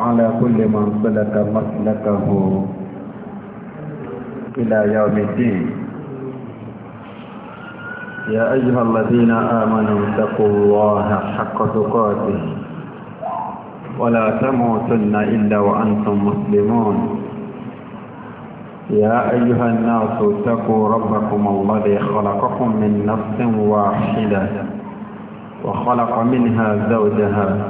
على كل من سلك مسلكه إلى يوم الدين يا أيها الذين آمنوا اتقوا الله حق تقاته ولا تموتن إلا وأنتم مسلمون يا أيها الناس اتقوا ربكم الذي خلقكم من نفس واحدة وخلق منها زوجها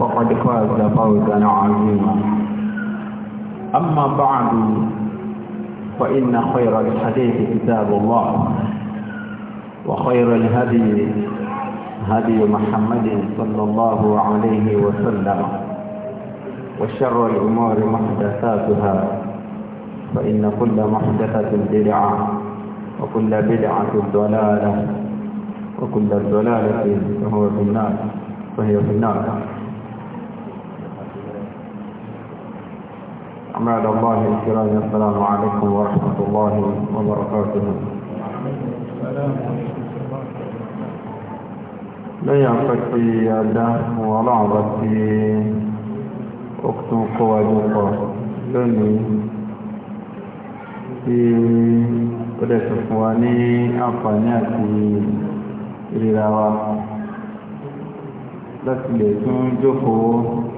فقد فاز فوزا عظيما أما بعد فإن خير الحديث كتاب الله وخير الهدي هدي محمد صلى الله عليه وسلم وشر الأمور محدثاتها فإن كل محدثة بدعة وكل بدعة ضلالة وكل ضلالة فهو في النار فهي في النار عباد الله الكرام السلام عليكم ورحمة الله وبركاته لا يا أبدا ولا عبدي أكتم قواجوكا لني في قد تفواني أفانياتي للاوات لكن لكم جفور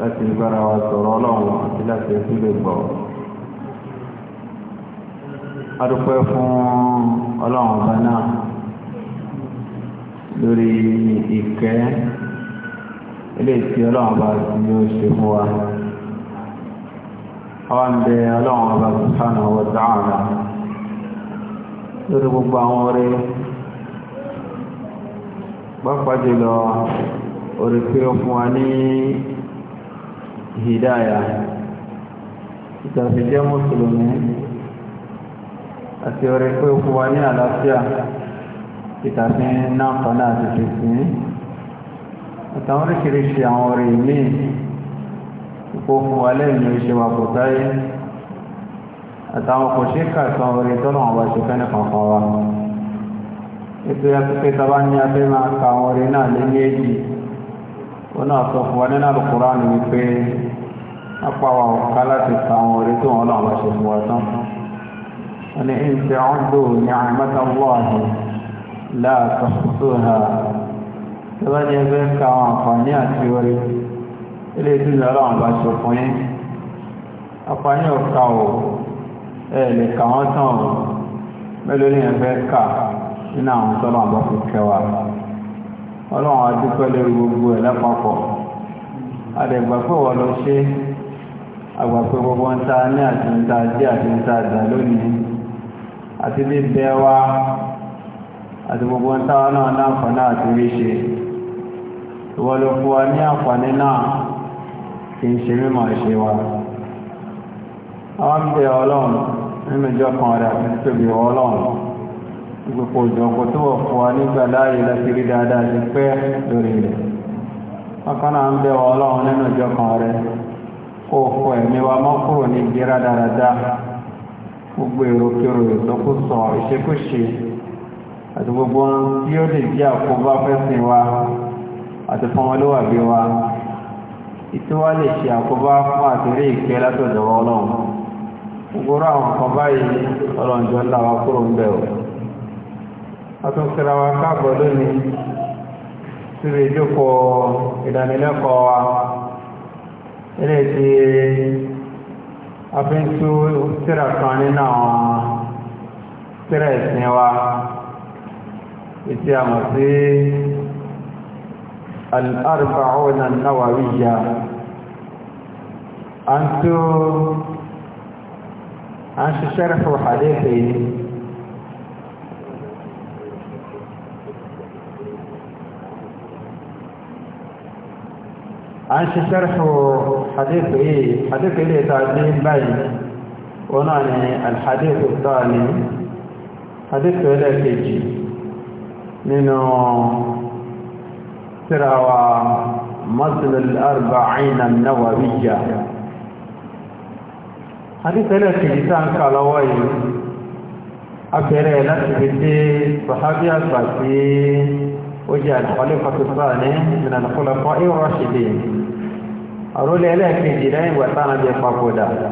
láti bára wa sọ̀rọ̀ ọlọ́run àti láti ẹ̀sùn lè gbọ́. a dúpẹ́ fún ọlọ́run ọba náà lórí ìkẹ́ eléyìí tí ọlọ́run ọba ni ó ṣe fún wa. àwọn ń bẹ ọlọ́run ọba subhanahu wa ta'ala lórí gbogbo àwọn ọrẹ pápá jùlọ orí pé ó fún wa ní hidaya ìtàfijẹ́ mùsùlùmí àti orí pé ó fún wa ní àlàáfíà ìtàfi náàfàánà àti fèsìn àtàwọn oríṣiríṣi àwọn orí ìmí ìpò fún wa lẹ́yìn ìṣẹ́wà kò táyé àtàwọn kò ṣe kàtàn orí tọ́nà àwọn ṣe fẹ́ nìkan kan wa ètò yàtọ̀ pé tábà wọn náà sọ fún wa nínú Al-Kùránì wípé apá wa ọ̀ká láti sa àwọn orí tó wọn náà wá ṣe fún wa tán wọn ni in ta'uddu ni'mata Allahi la tuhsuha tó bá jẹ́ fẹ́ ka àwọn àǹfààní àti orí ilé ìdílé ọlọ́run bá ṣe fún yín àǹfààní ọ̀ka ò ẹ̀ lè kà wọ́n tán ò mélòó ni ẹ fẹ́ nínú àwọn tọ́lọ́run bá fi kẹwàá ọlọ́run adúpẹ́ gbogbo ẹ̀ lápapọ̀ àdẹ̀gbà pé lọ ṣe àgbà gbogbo ń ta ní àti ń ta jẹ́ àti ń ta dà lónìí àti bíbẹ́ wa àti gbogbo ń ta náà láǹfààní àti rí ṣe ní àǹfààní náà kì ṣe mímọ̀ ṣe wa àwọn ọlọ́run nínú ìjọ kan rẹ̀ àti ọlọ́run gbogbo òjòkó tó wọ̀ fún wa nígbà láàyè láti rí dáadáa ti pẹ́ lórí rẹ̀ ọkàn ń bẹ wọ ọlọ́run nínú ìjọ kan rẹ kó o fọ ẹ̀mí wa mọ́ kúrò ní ibi gbogbo èròkèrò ìsọkúsọ ìṣekúṣe àti gbogbo ohun wa àti fún wa lè ṣe àkóbá fún àtìrí látọ̀dọ̀ ọlọ́run gbogbo àwọn kan báyìí ọlọ́run jọ ńlá wa kúrò ń àtúnkìra wa káàbọ̀ lónìí síbi ìjókòó ìdánilẹ́kọ̀ọ́ wa ilé tí a fi ń tú tíra kan nínú àwọn tíra ìsìn wa ìtí a mọ̀ sí al-arba'un an-nawawiyya an tó an ṣiṣẹ́ rẹ̀ fún hadith yìí a ń ṣe ṣẹ́rẹ̀fù hadithu yìí hadithu ilé tàbí báyìí wọn náà ni alhadithu tààni hadithu ilé kejì nínú sírawa maslul arba'in nawawiyya hadithu ilé kejì tá ń kà lọ́wọ́ yìí a bẹ̀rẹ̀ láti fi dé sahabi àgbà وجاء الخليفة الثاني من الخلفاء الراشدين أرول إليك في جنين وأتانا بفاقودا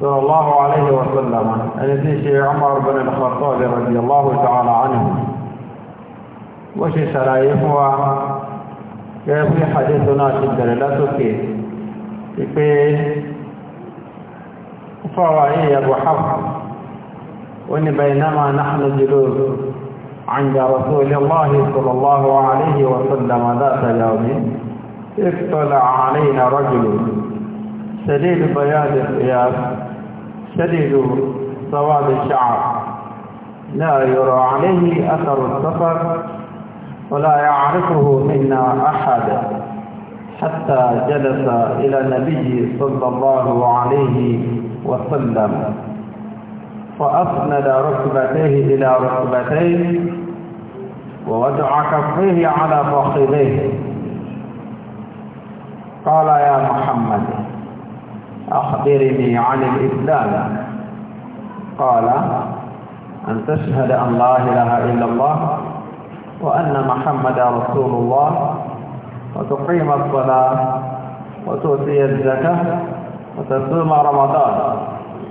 صلى الله عليه وسلم الذي عمر بن الخطاب رضي الله تعالى عنه وشي شرايفها كيف حديثنا شد لتك في فوائي أبو حفص وإن بينما نحن جلوس عند رسول الله صلى الله عليه وسلم ذات يوم اطلع علينا رجل شديد بياض الثياب شديد سواد الشعر لا يرى عليه أثر السفر ولا يعرفه منا أحد حتى جلس إلى النبي صلى الله عليه وسلم فأسند ركبتيه إلى ركبتيه ووضع كفيه على فخذيه قال يا محمد أخبرني عن الإسلام قال أن تشهد أن لا إله إلا الله وأن محمد رسول الله وتقيم الصلاة وتؤتي الزكاة وتصوم رمضان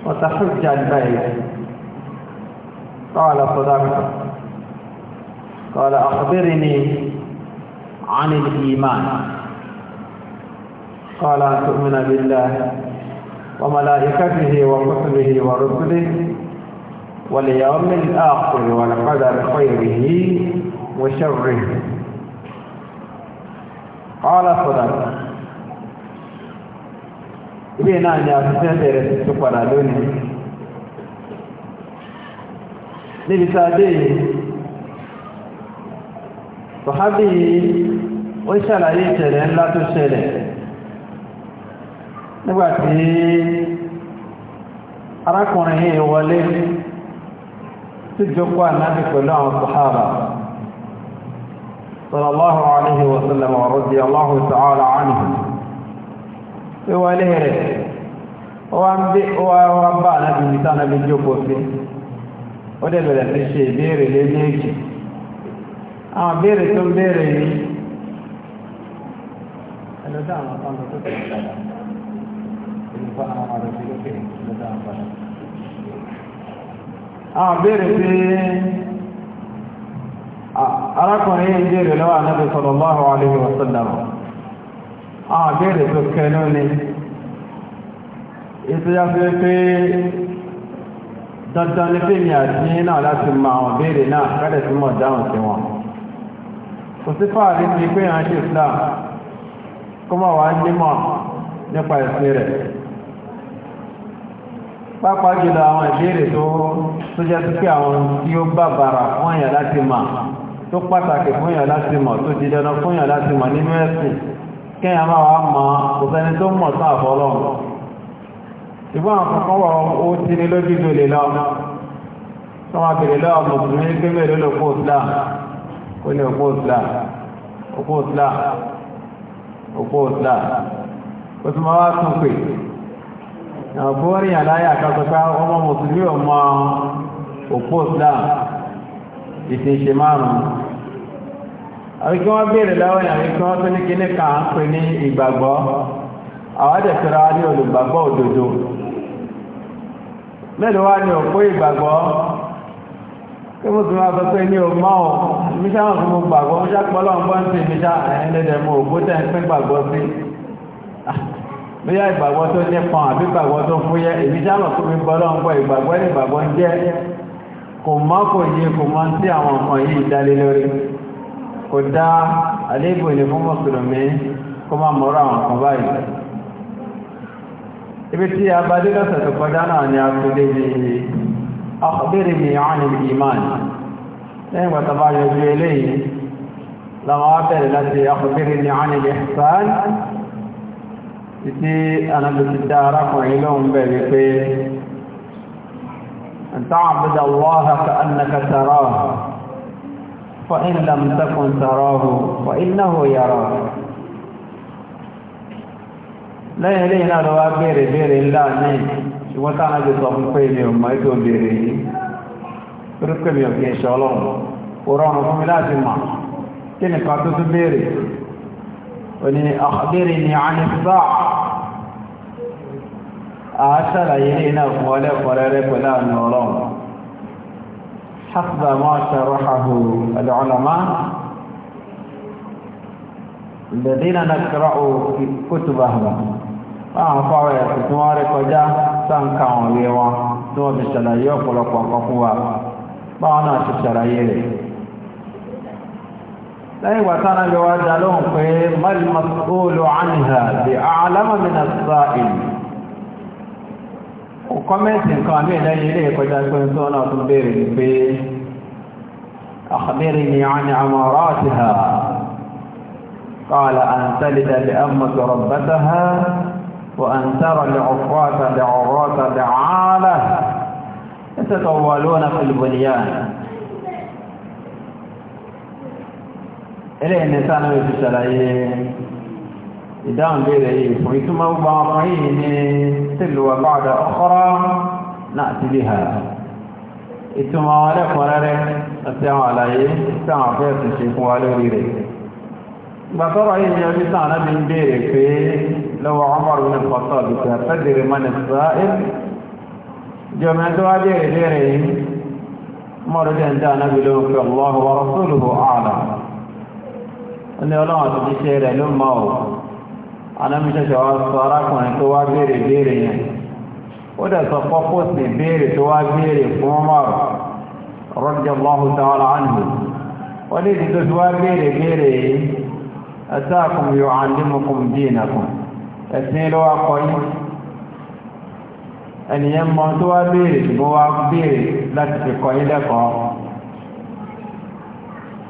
وتحج البيت قال صدقت قال أخبرني عن الإيمان قال أن تؤمن بالله وملائكته وكتبه ورسله واليوم الآخر والقدر خيره وشره قال صدق ibi náà ni àtúnṣe bẹ̀rẹ̀ tuntun padà lónìí sọ̀hábì ó ṣàlàyé ìṣẹ̀lẹ̀ ńlá tó ṣẹlẹ̀ nígbàtí arákùnrin yìí wọlé tí jókòó ànábì pẹ̀lú àwọn sọ̀hábà sallallahu alaihi wa sallam wa radiyallahu ta'ala anhu tí wọlé rẹ̀ wọ́n bí wọ́n bá ànábì àwọn béèrè tó ń béèrè yìí ẹlọ́dá àwọn apáńdà tó tẹ̀lé padà ìlú fa àwọn ọ̀rọ̀ sí lókè lọ́dá àwọn padà àwọn béèrè pé arákùnrin yìí béèrè lọ́wọ́ anábì sallallahu alaihi wa sallam àwọn béèrè tó kẹnu ni ìtúyà fi pé dandan ní fèmí àti náà láti mọ àwọn béèrè náà kádẹ̀ tí mọ̀ dáhùn sí wọn kò sí fàárí ní pé à ń ṣe islam kó máa wá ń nímọ̀ nípa ìsìn rẹ̀ pápá jùlọ àwọn ìbéèrè tó tó jẹ́ sí pé àwọn tí ó bàbàrà fún èèyàn láti mọ̀ tó pàtàkì fún èèyàn láti mọ̀ tó di dandan fún èèyàn láti mọ̀ nínú ẹ̀sìn kéèyàn máa wá mọ̀ kò sẹ́ni tó mọ̀ tán àfọlọ́run ìgbọ́n àwọn kan wọ ó ti ní lójú ìdòlè lọ tó máa bèrè lọ́wọ́ mùsùlùmí gbé mẹ́rin lóko islam ó ní òpó islam òpó islam òpó islam ó tún máa wá tún pè àwọn orí àláyà kásọpá ọmọ mùsùlùmí ọmọ òpó islam ìṣe ìṣe márùn-ún àwọn kí wọ́n béèrè lọ́wọ́ ìyàwó kí wọ́n tó ní kíní kan ń pè ní ìgbàgbọ́ àwọn àjẹsára ní olùgbàgbọ́ òdodo mélòó wá ní òpó ìgbàgbọ́ tí mo tún máa sọ pé ní ọmọ ọ̀ míṣá wọn fún mo gbàgbọ́ míṣá pọ́lọ́ ń bọ́ ń tè míṣá ẹ̀yìn lẹ́dẹ̀ mo ògbó tẹ̀ ń pín gbàgbọ́ sí bóyá ìgbàgbọ́ tó nípọn àbí ìgbàgbọ́ tó fúyẹ́ èmi ṣá mọ̀ fún mi bọ́lọ́ ń bọ́ ìgbàgbọ́ ní ìgbàgbọ́ ń ibi tí a bá dé lọ́sẹ̀ tó kọjá ni أخبرني عن الإيمان لأن وتبع يجيلي لغافر التي أخبرني عن الإحسان إتي أنا بتدارك علوم بذكي أن تعبد الله كأنك تراه فإن لم تكن تراه فإنه يراك لا يلينا لو أبير بير الله نيك ìwọ́n táwọn jẹ́ sọ fún pé mi ò mọ̀ ètò ìbèrè yìí torí pé mi ò kí ń ṣe ọlọ́run kò rọrùn fún mi láti mọ̀ kí nìkan tó tún béèrè ò ní àkàbèrè ní àníṣà àṣàlàyé ní iná fún ọlẹ́kọ̀ọ́rẹ́rẹ́ pẹ̀lú àmì ọlọ́run حسب ما شرحه العلماء الذين نقرأ كتبهم أعطوا يا كتواري قجاه táǹkà àwọn ìwé wọn tí wọ́n fi ṣàlàyé ọ̀pọ̀lọpọ̀ nǹkan fún wa báwọn náà ti ṣàlàyé rẹ̀ lẹ́yìn ìgbà táwọn lè wá dá lóhùn pé mọ́lìmọ́sọ́lù àníhà bí alámọ̀mìnà sáà ìlú kọ́mẹ́ntì nǹkan àmì ìlẹ́yìn ilé ìkọjá pé tó náà tún bèèrè ní pé àkàbẹ̀rẹ̀ ni a ní àmàrà àti ha قال أن تلد لأمك ربتها وأن ترى العفاة دعرات دعالة يتطولون في البنيان إليه النسان في سلايين إدام بيري فيتم وباقين تلو بعد أخرى نأتي بها إتما عليك ولك أتعى عليه أتعى فيه الشيخ والوري بطرعين يبسان من بيري فيه lọ́wọ́ Umar ibn al-Khattab bí kò tẹ́lẹ̀ mọ́ ní sàáìl jọmọ tó wá bèèrè bèèrè yìí Umar dẹ̀ ń dá anábì ló ń fi Allahu wa rasuluhu a'lam ó ní ọlọ́run ti ṣiṣẹ́ rẹ̀ ló أتاكم يعلمكم دينكم ẹ̀sìn ló wá kọ́ yín ẹnìyẹn mọ tó wá béèrè ṣùgbọ́n wá béèrè láti fi kọ́ yín lẹ́kọ̀ọ́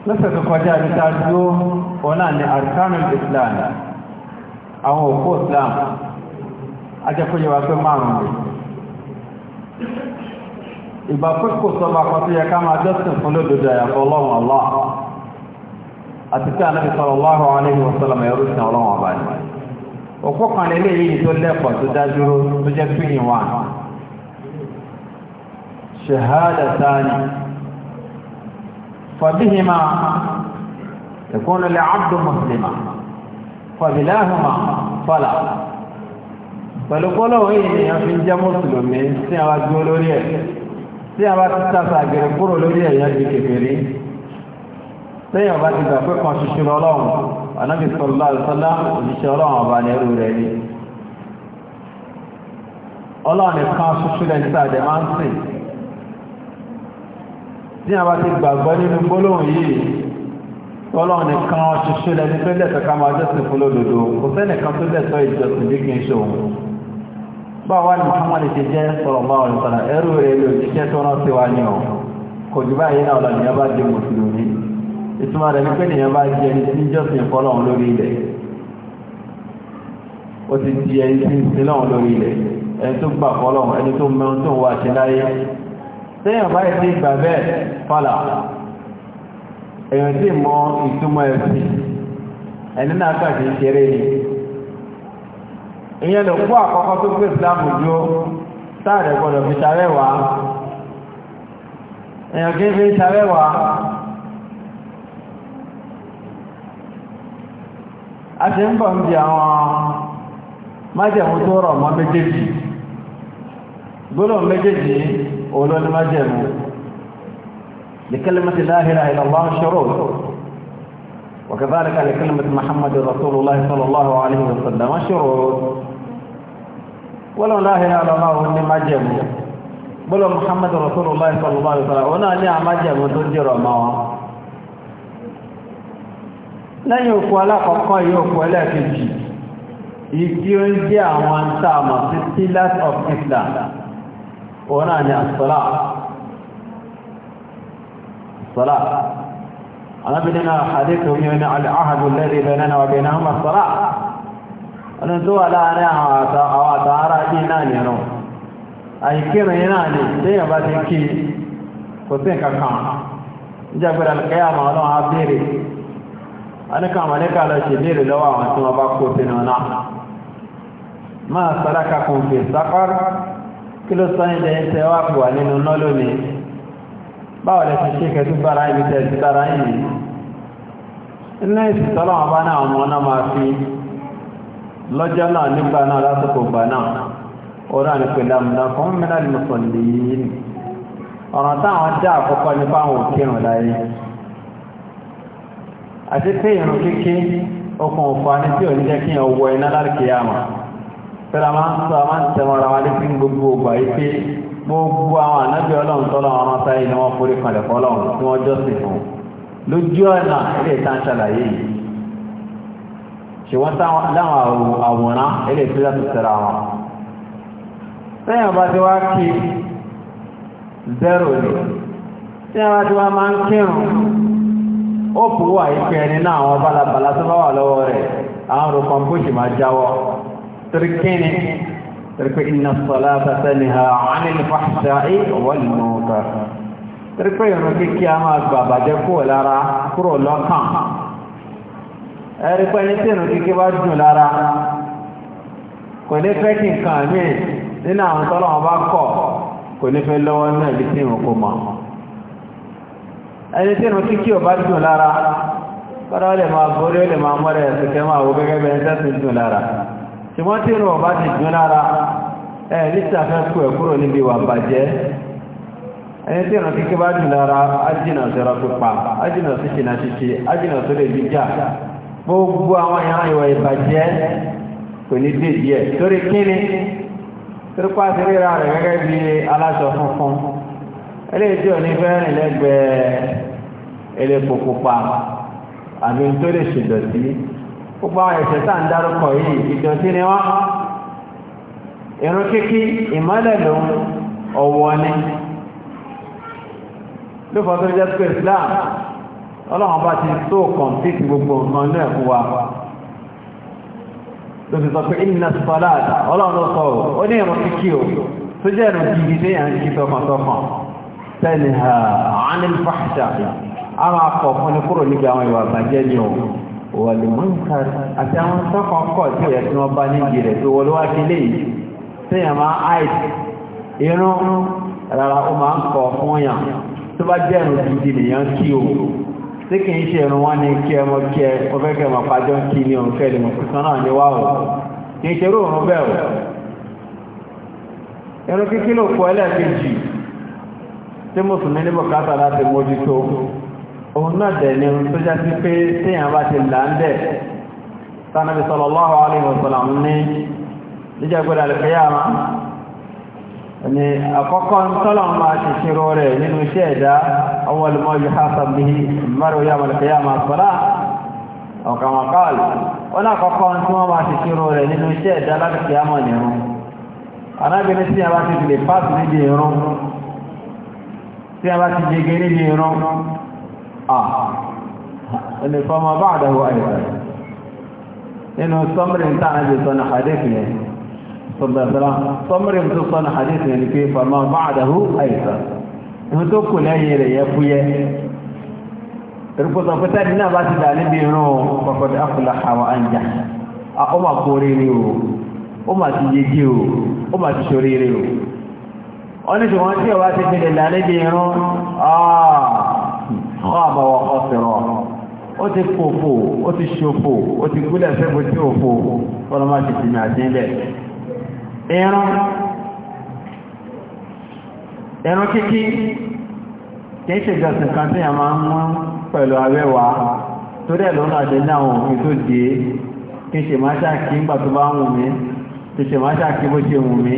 lọ́sẹ̀ tó kọjá ní ta dúró òun náà ní arkanu islam àwọn òkú islam ajẹ́kọ̀ọ́yẹ wa pé márùn-ún ìgbà pẹ́kọ̀ sọba kan tó yẹ ká máa jọ́sìn fún lódodo àyàfọ́ ọlọ́run ọlọ́ àti tí a náà fi sọ̀rọ̀ ọlọ́run alẹ́yìn wọ́n sọ́lọ́mọ̀ ẹrú sí ọlọ́run ọba ni òpó kan lè léyìí tó lẹ́kọ̀ọ́ tó dádúró tó jẹ́ pínì wà ṣèhádà tání fàbíhìmá ẹ̀kọ́nù lè abdu mùsùlùmá fàbíláhùmá fàlà pẹ̀lú kọ́lọ́wọ́ yìí ni wọ́n fi jẹ́ mùsùlùmí tí a wá lórí ẹ̀ tí a bá àgbèrè kúrò lórí ẹ̀ di kékeré tẹ́yìn ọba ti gbà pé kan ṣoṣo lọ́lọ́run anábì sọ̀rọ̀lá àlùsọ́lá òjíṣẹ́ ọlọ́run ọba ní ẹrú rẹ̀ ni ọlọ́run nìkan ṣoṣo lẹ́ni tí àdẹ̀ máa ń sìn tí a bá ti gbàgbọ́ nínú gbólóhùn yìí ọlọ́run nìkan ṣoṣo lẹ́ni tó lẹ́tọ̀ ká máa jọ́sìn fún lódodo kò sẹ́nìkan tó lẹ́tọ̀ ìjọsìn bí kì í ṣe òun báwa ni Muhammad ti jẹ́ sọ̀rọ̀lá ìtumọ̀ rẹ̀ wípé nìyẹn bá jẹ ẹni tí ń jọ́sìn fọ́lọ́run lórí ilẹ̀ ó ti di ẹni tí ń sin lọ́run lórí ilẹ̀ ẹni tó gbà fọ́lọ́run ẹni tó mẹ́rin tó wà ṣe láyé téèyàn bá ti gbà bẹ́ẹ̀ fọ́là èèyàn sì mọ ìtumọ̀ ẹ̀sìn ẹni náà kà sí ṣeré ni ìyẹn ló kó àkọ́kọ́ tó gbé ìsìlámù dúró sáà rẹ̀ gbọ́dọ̀ fi ṣàrẹ́wàá èèyàn kí ń fi ṣàrẹ́wàá a ṣe ń bọ̀ ń bí àwọn májẹ̀mú tó rọ̀ mọ́ méjèèjì gbọ́nà لكلمة لا إله إلا الله شروط وكذلك لكلمة محمد رسول الله صلى الله عليه وسلم شروط ولو لا إله إلا الله ما májẹ̀mú gbọ́nà محمد رسول الله صلى الله عليه وسلم wọn náà ní àmájẹ̀mú tó jẹ́rọ̀ mọ́ lẹ́yìn òkú alákọ̀ọ́kọ́ yìí òkú ẹlẹ́ẹ̀kejì yìí tí ó ń jẹ́ àwọn àǹtàmọ̀ sí pillars of Islam òun náà ni àṣọ́lá àṣọ́lá alábìnrin náà àdékò mi ní àhàbù lẹ́rìí bẹ̀rẹ̀ náà náà wà láàárín anika amaleka lọ ṣe léèrè lọ́wọ́ àwọn tí wọ́n bá kó sínú náà máa sọ́dáka kún fi sáfàr kí ló sọ́yìn jẹ́ tẹ́ wá pù wà nínú náà ṣe kẹtù bára ibi tẹ́ ti bára yìí inú ìsì tọ́lọ́ wọn bá náà ọmọ náà máa fi lọ́jọ́ àti pé ìrùn kíkí okùn òfàní tí ò ní jẹ́ kí ọ wọ iná lárìkì àmà pẹ̀lú àwọn sọ àwọn tẹmọ̀ra wa létí gbogbo ògbà yìí pé gbogbo àwọn ànábì ọlọ́run tọ́lọ́ àwọn ọmọ sáyé ni wọ́n forí kanlẹ̀ fọlọ́run tí wọ́n jọ́sìn fún lójú ọ̀nà ilé ìtàn ṣàlàyé yìí ṣùgbọ́n láwọn zero ni a bá ti máa ń kírun ó fún wà ìpín ẹni náà àwọn balabala tó bá wà lọ́wọ́ rẹ̀ àwọn rọ̀kan kó sì máa jáwọ́ tìrìkíni tìrìkí iná sọlá tàtẹ́ni ha ánìlì fàṣà ì wọ́lì mọ́ta tìrìkí ìrún kíkí a máa gbà kò ní fẹ́ kí nǹkan míì nínú àwọn tọ́lọ́wọ́n bá kọ̀ kò ní fẹ́ lọ́wọ́ náà bí tí kò máa ẹni tí ìrùn kíkí ò bá dùn lára kọ́dá ó lè máa borí ó lè máa mọ́rẹ̀ ẹ̀sùn kẹ́ máa wo gẹ́gẹ́ bẹ̀rẹ̀ tẹ́sì dùn lára ṣùgbọ́n tí ìrùn ọ̀bá ti dùn lára ẹ̀ lítà fẹ́ kú ẹ̀ kúrò níbi wà bàjẹ́ ẹni tí ìrùn kíkí bá dùn lára ájìnà sọ̀rọ̀ pípa ájìnà sí ṣìnà ṣíṣe ájìnà tó lè jíjà gbogbo elépo pupa àbí tó lè ṣèdọ̀tí gbogbo àwọn ẹ̀ṣẹ̀ tá à ń dárúkọ yìí ìdọ̀tí ni wọ́n irun kíkí ìmọ́lẹ̀ ló ń ọ̀wọ́ ni ló fọ́ tó jẹ́ pé Islam ọlọ́run bá ti tó kọ̀ǹpìtì gbogbo nǹkan náà fún wa ló ti sọ pé inna salat ọlọ́run sọ ó ní irun kíkí o tó jẹ́ irun kíkí téèyàn ń kí tọkàntọkàn tẹ́lẹ̀ a akọ kọ̀ fún ni kúrò níbi àwọn ìwà àbàjẹ́ ni àti àwọn sọ́kàn kọ̀ tí ìyẹn tí wọ́n bá níbi rẹ̀ tó wọlé wá sí ilé yìí máa irun rárá ó máa ń fún o tí kìí ṣe ìrùn wọn ni kí ẹmọ kí ẹ mo fẹ́ kẹ́ mọ̀ pàjọ́ kí ni òun fẹ́ lè náà ní wá o ṣe bẹ́ẹ̀ o irun kíkí ló kọ ẹlẹ́ẹ̀kejì tí òun náà dẹ̀ ni tó já sí pé téèyàn bá ti là ń dẹ̀ sanabi sallallahu alaihi wasallam ní níjà gbọ́dọ̀ àlùkìyámà ni àkọ́kọ́ tọ́lọ̀ máa ti ṣírò rẹ̀ nínú iṣẹ́ ẹ̀dá ọwọ́ lè mọ́jú hasan bí mẹ́rọ yà àlùkìyámà sọ́lá ọ̀kàmọ̀kọ́ọ̀lù ó náà kọ́kọ́ tí wọ́n máa ti ṣírò rẹ̀ nínú iṣẹ́ ẹ̀dá àlùkìyámà Ah. ẹni fọmọ bá àdáwò àìsàn nínú sọmọrin táà jẹ sọ ní hadith yẹn sọ̀bẹ̀sọ̀rọ̀ sọmọrin tó sọ ní hadith yẹn ni pé fọmọ bá àdáwò àìsàn ìhun tó kù lẹ́yìn rẹ̀ yẹ fúyẹ́ ìrùkùsọ̀ pẹ́tẹ́ ní náà bá ti dà níbi irun pọ̀pọ̀dé àkùlà àwọn àǹjà ó mà kó rere o ó mà ti yege o ó mà khaba wa khasira ó ti fòfò ó ti ṣòfò ó ti gúlẹ̀ sẹ́gbẹ̀ tí ó fò ọlọ́mà ti ti máa dínlẹ̀ ẹran ẹran kíkí kìí ṣe ìjọsìn kan tí a máa ń mú pẹ̀lú awẹ́wà torí ẹ̀ lọ́nà àdé ní àwọn òfin tó dé kìí ṣe máa ṣàkí ńgbà tó bá wù mí kìí ṣe máa ṣàkí bó ṣe wù mí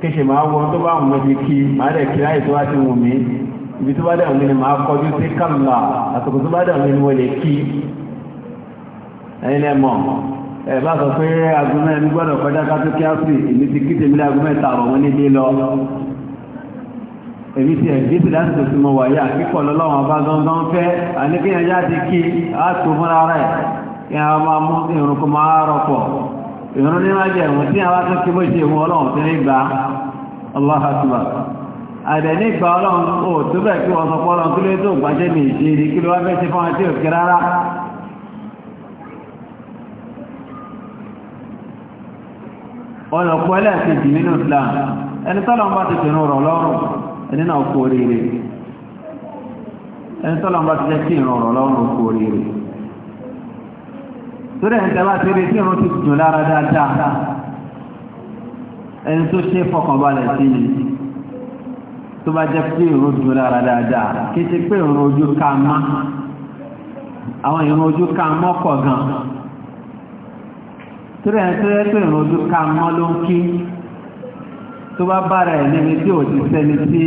kìí ṣe máa wọ tó bá wù mí kí máa rẹ̀ kí láì tó ibi tó bá dà mí ni màá kọjú sí kàmlà àtòkò tó bá dà mí ni lè kí sọ pé ẹni gbọ́dọ̀ kọjá kátó kí á sì èmi ti kí tèmi lágumẹ́ tààrọ̀ wọn nílé lọ èmi ti mọ wáyé àkíkọ̀ bá fẹ́ ti kí kí a máa mú kó máa rọpọ̀ ní tí a wá kí àdẹ̀ nígbà ọlọ́run ò tó bẹ̀ kí wọ́n sọ pọ́ ọlọ́run kí ló tó gbájẹ́ mi ìṣeré kí ló wá fẹ́ ṣe fún àti òkè rárá ọlọ́pọ̀ ẹlẹ́ẹ̀kejì nínú Islam ẹni tọ́lọ́n bá ti tẹ̀nu rọ̀ lọ́rùn ẹni náà kú oríire ẹni tọ́lọ́n bá ti jẹ́ kí ìrùn rọ̀ lọ́rùn kú oríire torí ẹni tẹ́lá ti rí tí ìrùn ti dùn lára dáadáa ẹni tó ṣe fọkànbalẹ̀ sí ni tó bá jẹ́ pé ìrún ojú lára dáadáa kéte pé ìrún ojú ká má àwọn ìrún ojú ká mọ́ pọ̀ gan tó rẹ̀ tó yẹ pé ìrún ojú ká mọ́ ló ń kí tó bá bára ẹ̀ níbi tí ò ti sẹ́ni tí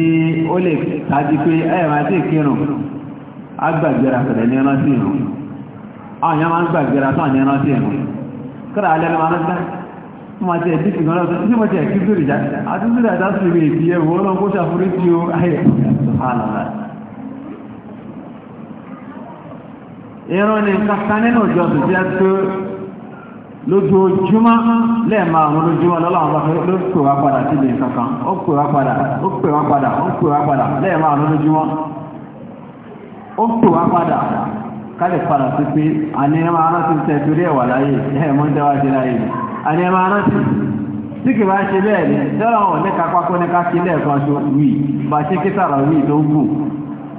ó lè tàbí pé ẹ̀rọ àti ìkírùn agbàgbéra pẹ̀lẹ̀ ní ẹran sí ìrún àwọn èèyàn máa ń gbàgbéra tó àwọn ẹran sí ìrún kọ́ra alẹ́ ló máa ń gbàgbéra ma tẹ̀ ẹ̀dí kìí lọ́dọ̀ tí mo tẹ̀ kí sórí ìjà àti sílẹ̀ àdá sí ìwé ìdí ẹ̀wọ̀ ọlọ́run kó ṣàforí tí ó ayẹ̀ sọ̀hánàlá ìran ni kàkà nínú ìjọ tó jẹ́ tó lójoojúmọ́ lẹ́ẹ̀mà àwọn lójúmọ́ lọ́lọ́run ló pè wá padà sí ilé kankan ó pè wá padà ó pè wá padà ó pè wá padà lẹ́ẹ̀mà àwọn lójúmọ́ ó pè torí ẹ̀wà láyé ẹ̀mọ́ ń tẹ́wá láyé àní ẹ máa rántí tí kì bá ṣe bẹ́ẹ̀ ni tẹ́lọ̀ wọn ní kápá kó ní ká kí lẹ́ẹ̀kan ṣo wì bá ṣe kí tààrà wì tó gùn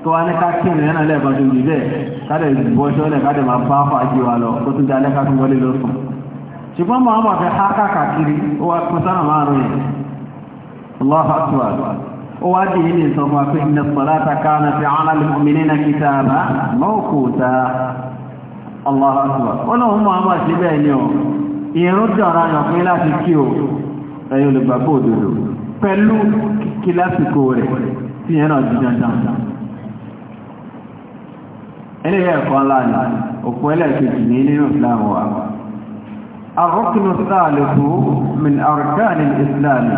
tó wá ní ká kí ènìyàn náà lẹ́ẹ̀kan ṣo wì bẹ́ẹ̀ kádẹ̀ bọ́ ṣọ́lẹ̀ kádẹ̀ máa bá fàájì wa lọ kó tún dalẹ́ ká tún wọlé lọ sùn ṣùgbọ́n màá máa fẹ́ há káàkiri ó wá kó ni ọ̀ ìrún dọ̀ra yàn fún láti kí o ẹ̀yin olùgbàgbọ́ òdodo pẹ̀lú kíkí lásìkò rẹ̀ tí yẹn náà di dandan eléyà ẹ̀kọ́ ńlá ni òpó ẹlẹ́ẹ̀kejì ní nínú ìsìláàmù wa min arkani ìsìláàmù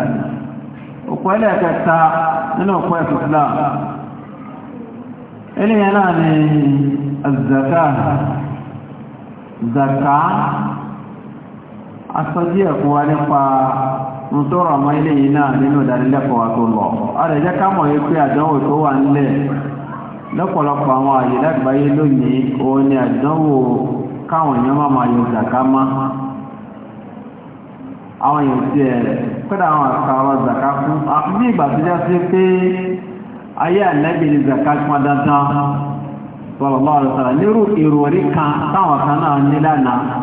òpó ẹlẹ́ẹ̀kẹta nínú òpó ẹ̀kọ́ ìsìláàmù eléyà náà ni azaka asọ́jí ẹ̀kún wa nípa ntọ́rọ ọmọ ilé yìí náà nínú ìdánilẹ́kọ̀ọ́ wa tó lọ ọ̀rẹ́jẹ́ ká mọ̀ yí pé àdánwò tó wà nílẹ̀ lọ́pọ̀lọpọ̀ àwọn àyè lágbàáyé lónìí òun ni àdánwò káwọn èèyàn máa máa yọ zàká má àwọn èèyàn ti ẹ̀ kódà àwọn àkàrọ̀ zàká fún bí ìgbà tó já sí pé ayé àlẹ́bí ni zàká pọn dandan sallallahu alaihi nírú ìròrí kan táwọn kan náà ní lánàá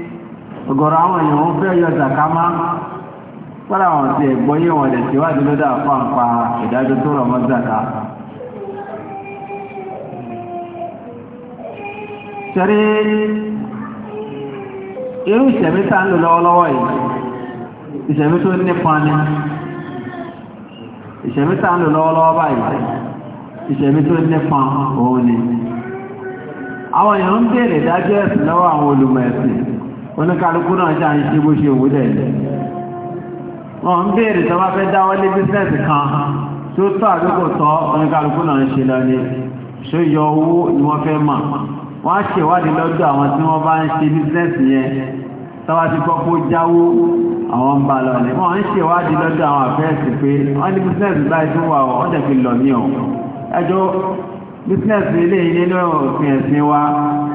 ọ̀gọ̀rọ̀ àwọn èèyàn ń fẹ́ yọ zaka má pẹ́lú àwọn ti ẹ̀gbọ́n yé wọn lẹ̀ síwájú ló dà fáǹpa ìdájọ́ tó rọ̀ mọ́ zaka. sẹ́rí irú ìṣẹ̀mí tá ń lò lọ́wọ́lọ́wọ́ yìí ìṣẹ̀mí tó nípa ni ìṣẹ̀mí tá ń lò lọ́wọ́lọ́wọ́ báyìí ìṣẹ̀mí tó nípa òun ni àwọn èèyàn ń béèrè ìdájọ́ ẹ̀sìn lọ́wọ́ àwọn olùmọ̀ ẹ̀sìn oníkàlùkù náà ṣe à ń ṣe bó ṣe òwú dẹ̀ wọ́n ń béèrè tó bá fẹ́ dáwọ́lé bísẹ̀sì kan tó tọ́ àdúgbò tọ́ oníkàlùkù náà ń ṣe lọ ni ṣó yọ owó ni wọ́n fẹ́ mà wọ́n á ṣèwádìí lọ́dọ̀ àwọn tí wọ́n bá ń ṣe bísẹ̀sì yẹn tọ́wá ti gbọ́ kó jáwó àwọn ń bá lọ ní wọ́n ń ṣèwádìí lọ́dọ̀ àwọn àfẹ́ẹ̀sì pé wọ́n ní bísíǹsì báyìí tó wà ọ́ jẹ́ fi lọ ní ọ̀ ẹjọ́ bísíǹsì ilé ilé lọ́rọ̀ òfin ẹ̀sìn wa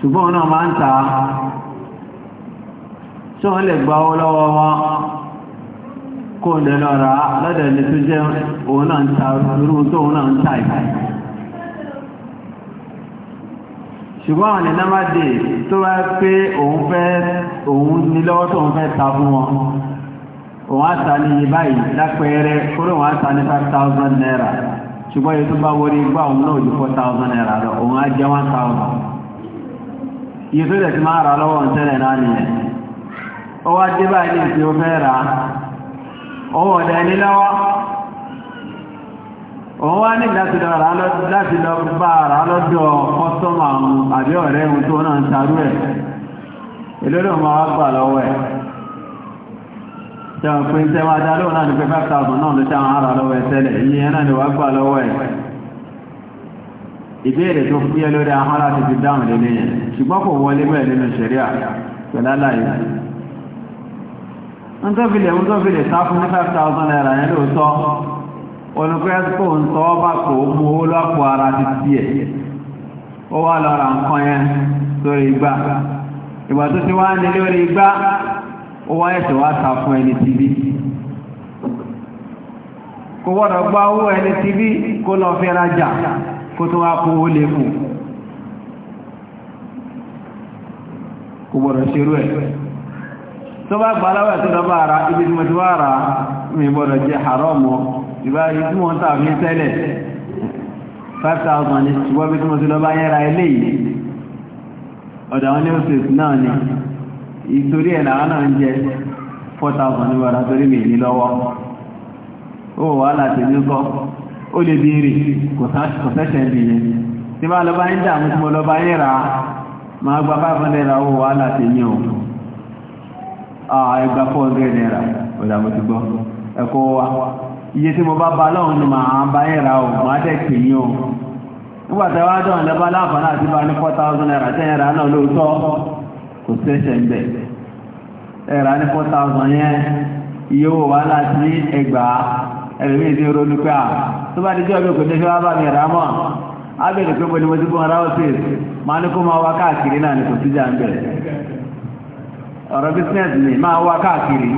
ṣùgbọ́n náà máa ń ta ṣé wọ́n lè gba owó lọ́wọ́ wọn kó lè lọ ra lọ́dẹ̀ lè tó jẹ́ òun náà ń ta irú tó òun náà ń ta ìgbà ṣùgbọ́n àwọn ènìyàn máa dè tó bá pé òun fẹ́ òun ní lọ́wọ́ tó òun fẹ́ ta fún wọn òun á ta ní iye báyìí lápẹẹrẹ kóró òun á ta ní five thousand naira ṣùgbọ́n èyí tó bá wọlé gbá òun náà ju four thousand naira lọ òun á jẹ́ one thousand iye tó dẹ̀ ti máa rà lọ́wọ́ ń tẹ́lẹ̀ náà nìyẹn ó wá dé báyìí ní ìsìn ó fẹ́ rà á ọwọ́ ọ̀dẹ̀ ní lọ́wọ́ òun wá ní láti lọ bá ara lọ́dọ̀ kọ́sọ́mà àbí ọ̀rẹ́ ohun tó náà ń tarú ẹ̀ ìlórí ọmọ wá gbà lọ́wọ́ ẹ̀ tẹ́wọ̀n pín tẹ́wọ́n adá lóòrán ní pé 5,000 náà ló tẹ́wọ̀n ara gbà lọ́wọ́ ẹ̀ ìbéèrè tó fúyẹ́ lórí ahọ́n láti fi dáhùn lélẹ́ yẹn ṣùgbọ́n kò wọlé bẹ́ẹ̀ nínú ṣẹ̀ríà pẹ̀lú ń tó ń tó sá fún ní five thousand naira yẹn lóòótọ́ olùkọ́yẹ́sìkò ń tọ́ bá kò mú owó lọ́pọ̀ ara ti tiẹ̀ ó nǹkan yẹn sórí igbá ìgbà tó ti wá ní lórí kó tó wá kó ó lè mú kò gbọ́dọ̀ rú ẹ̀ tó bá gbà tó dábà ara ibi tí mo ti wá ara mi gbọ́dọ̀ jẹ́ àrọ́mọ ìbáyé tí wọ́n tà mí tẹ́lẹ̀ 5,000 ní ṣùgbọ́n bí tí mo ti lọ bá yẹ́ra ilé yìí ọ̀dà wọn ní òṣèlú náà ni ìtorí ẹ̀ làwọn náà ń jẹ 4,000 ní wàrà torí mi ní lọ́wọ́ ó wà láti ní kọ́ ó lè béèrè kò sẹ́ṣẹ̀ bí yẹn tí bá lọ́bá ń dàmú tí mo lọ́bá yẹ́ ra máa gba 500 naira owó wàhálà tí yẹn o ẹgbà 400 naira ọ̀dàmú ti gbọ́ ẹ̀kọ́ wa iye tí mo bá ni bá yẹ́ ní 4000 naira tẹ́ ẹ̀rà náà lóòótọ́ kò sẹ́ṣẹ̀ ń bẹ̀ ẹ̀rà ní 4000 yẹn iye owó wàhálà tí ẹgbàá ẹ̀rẹ̀ tó bá dijọ́ bí òkùnjẹ́ fi wá bá mi rà mọ́ ábẹ̀rẹ̀ pé mo ní mo ti gbọ́n ra ọ́fíìs máa ní kó máa wá káàkiri náà ní kò síjà ń ọ̀rọ̀ bísínẹ́sì ni máa wá káàkiri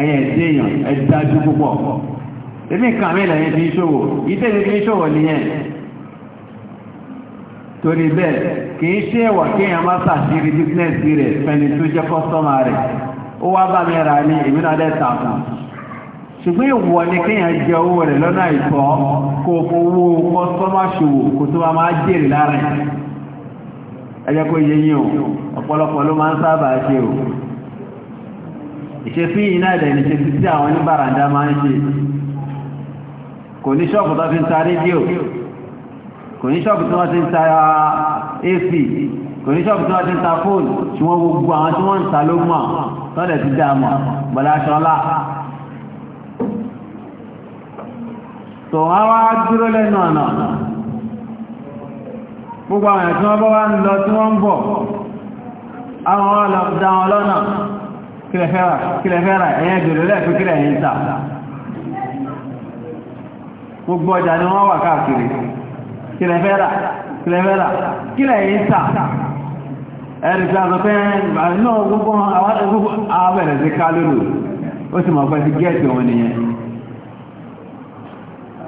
ẹ̀yẹ ẹ̀sí èèyàn ẹ̀dí dájú púpọ̀ èmi kan mi lẹ́yìn fi ṣòwò ìtẹ́ mi fi ṣòwò nìyẹn torí bẹ́ẹ̀ kì í ṣe ẹ̀wà kéèyàn má ṣàṣírí bísínẹ́sì rẹ̀ fẹ́ni tó jẹ́ kọ́sọ́mà rẹ̀ ó wá bá mi rà ní èmi ṣùgbọ́n ìwọ ni kéèyàn jẹ owó rẹ̀ lọ́nà ìtọ́ kó owó kọ́sọ́mà ṣòwò kó tó máa máa jèrè lára ẹ̀ ẹjẹ́ kó yẹ yín o ọ̀pọ̀lọpọ̀ ló máa ń sábà ṣe o ìṣesí yìí náà dẹ̀ ní ṣe sí àwọn oníbàràǹdà máa ń ṣe kò ní ṣọ́ọ̀bù tó fi ń ta rédíò kò ní ṣọ́ọ̀bù tí wọ́n ń ta ac kò ní ṣọ́ọ̀bù tí wọ́n ń ta fóònù tí gbogbo àwọn tí wọ́n ń ta ló mọ̀ tọ́lẹ̀ ti dá mọ̀ bọ̀lá aṣọ́lá tó wọ́n wá dúró lẹ́nu ọ̀nà gbogbo àwọn ẹ̀tí wọ́n bọ́ wá ń lọ tí wọ́n ń bọ̀ àwọn ọlọ́dáwọn lọ́nà kílẹ̀fẹ́ra ẹ̀yẹ gbèrò lẹ́ẹ̀kú kílẹ̀ yìí tà gbogbo ọjà ni wọ́n wà káàkiri kílẹ̀fẹ́ra kílẹ̀fẹ́ra kílẹ̀ yìí tà ẹ̀rì tí a sọ pé náà gbogbo àwọn ẹ̀rẹ̀ sí ká lórí ó sì mọ̀ pẹ́ sí gẹ́ẹ̀tì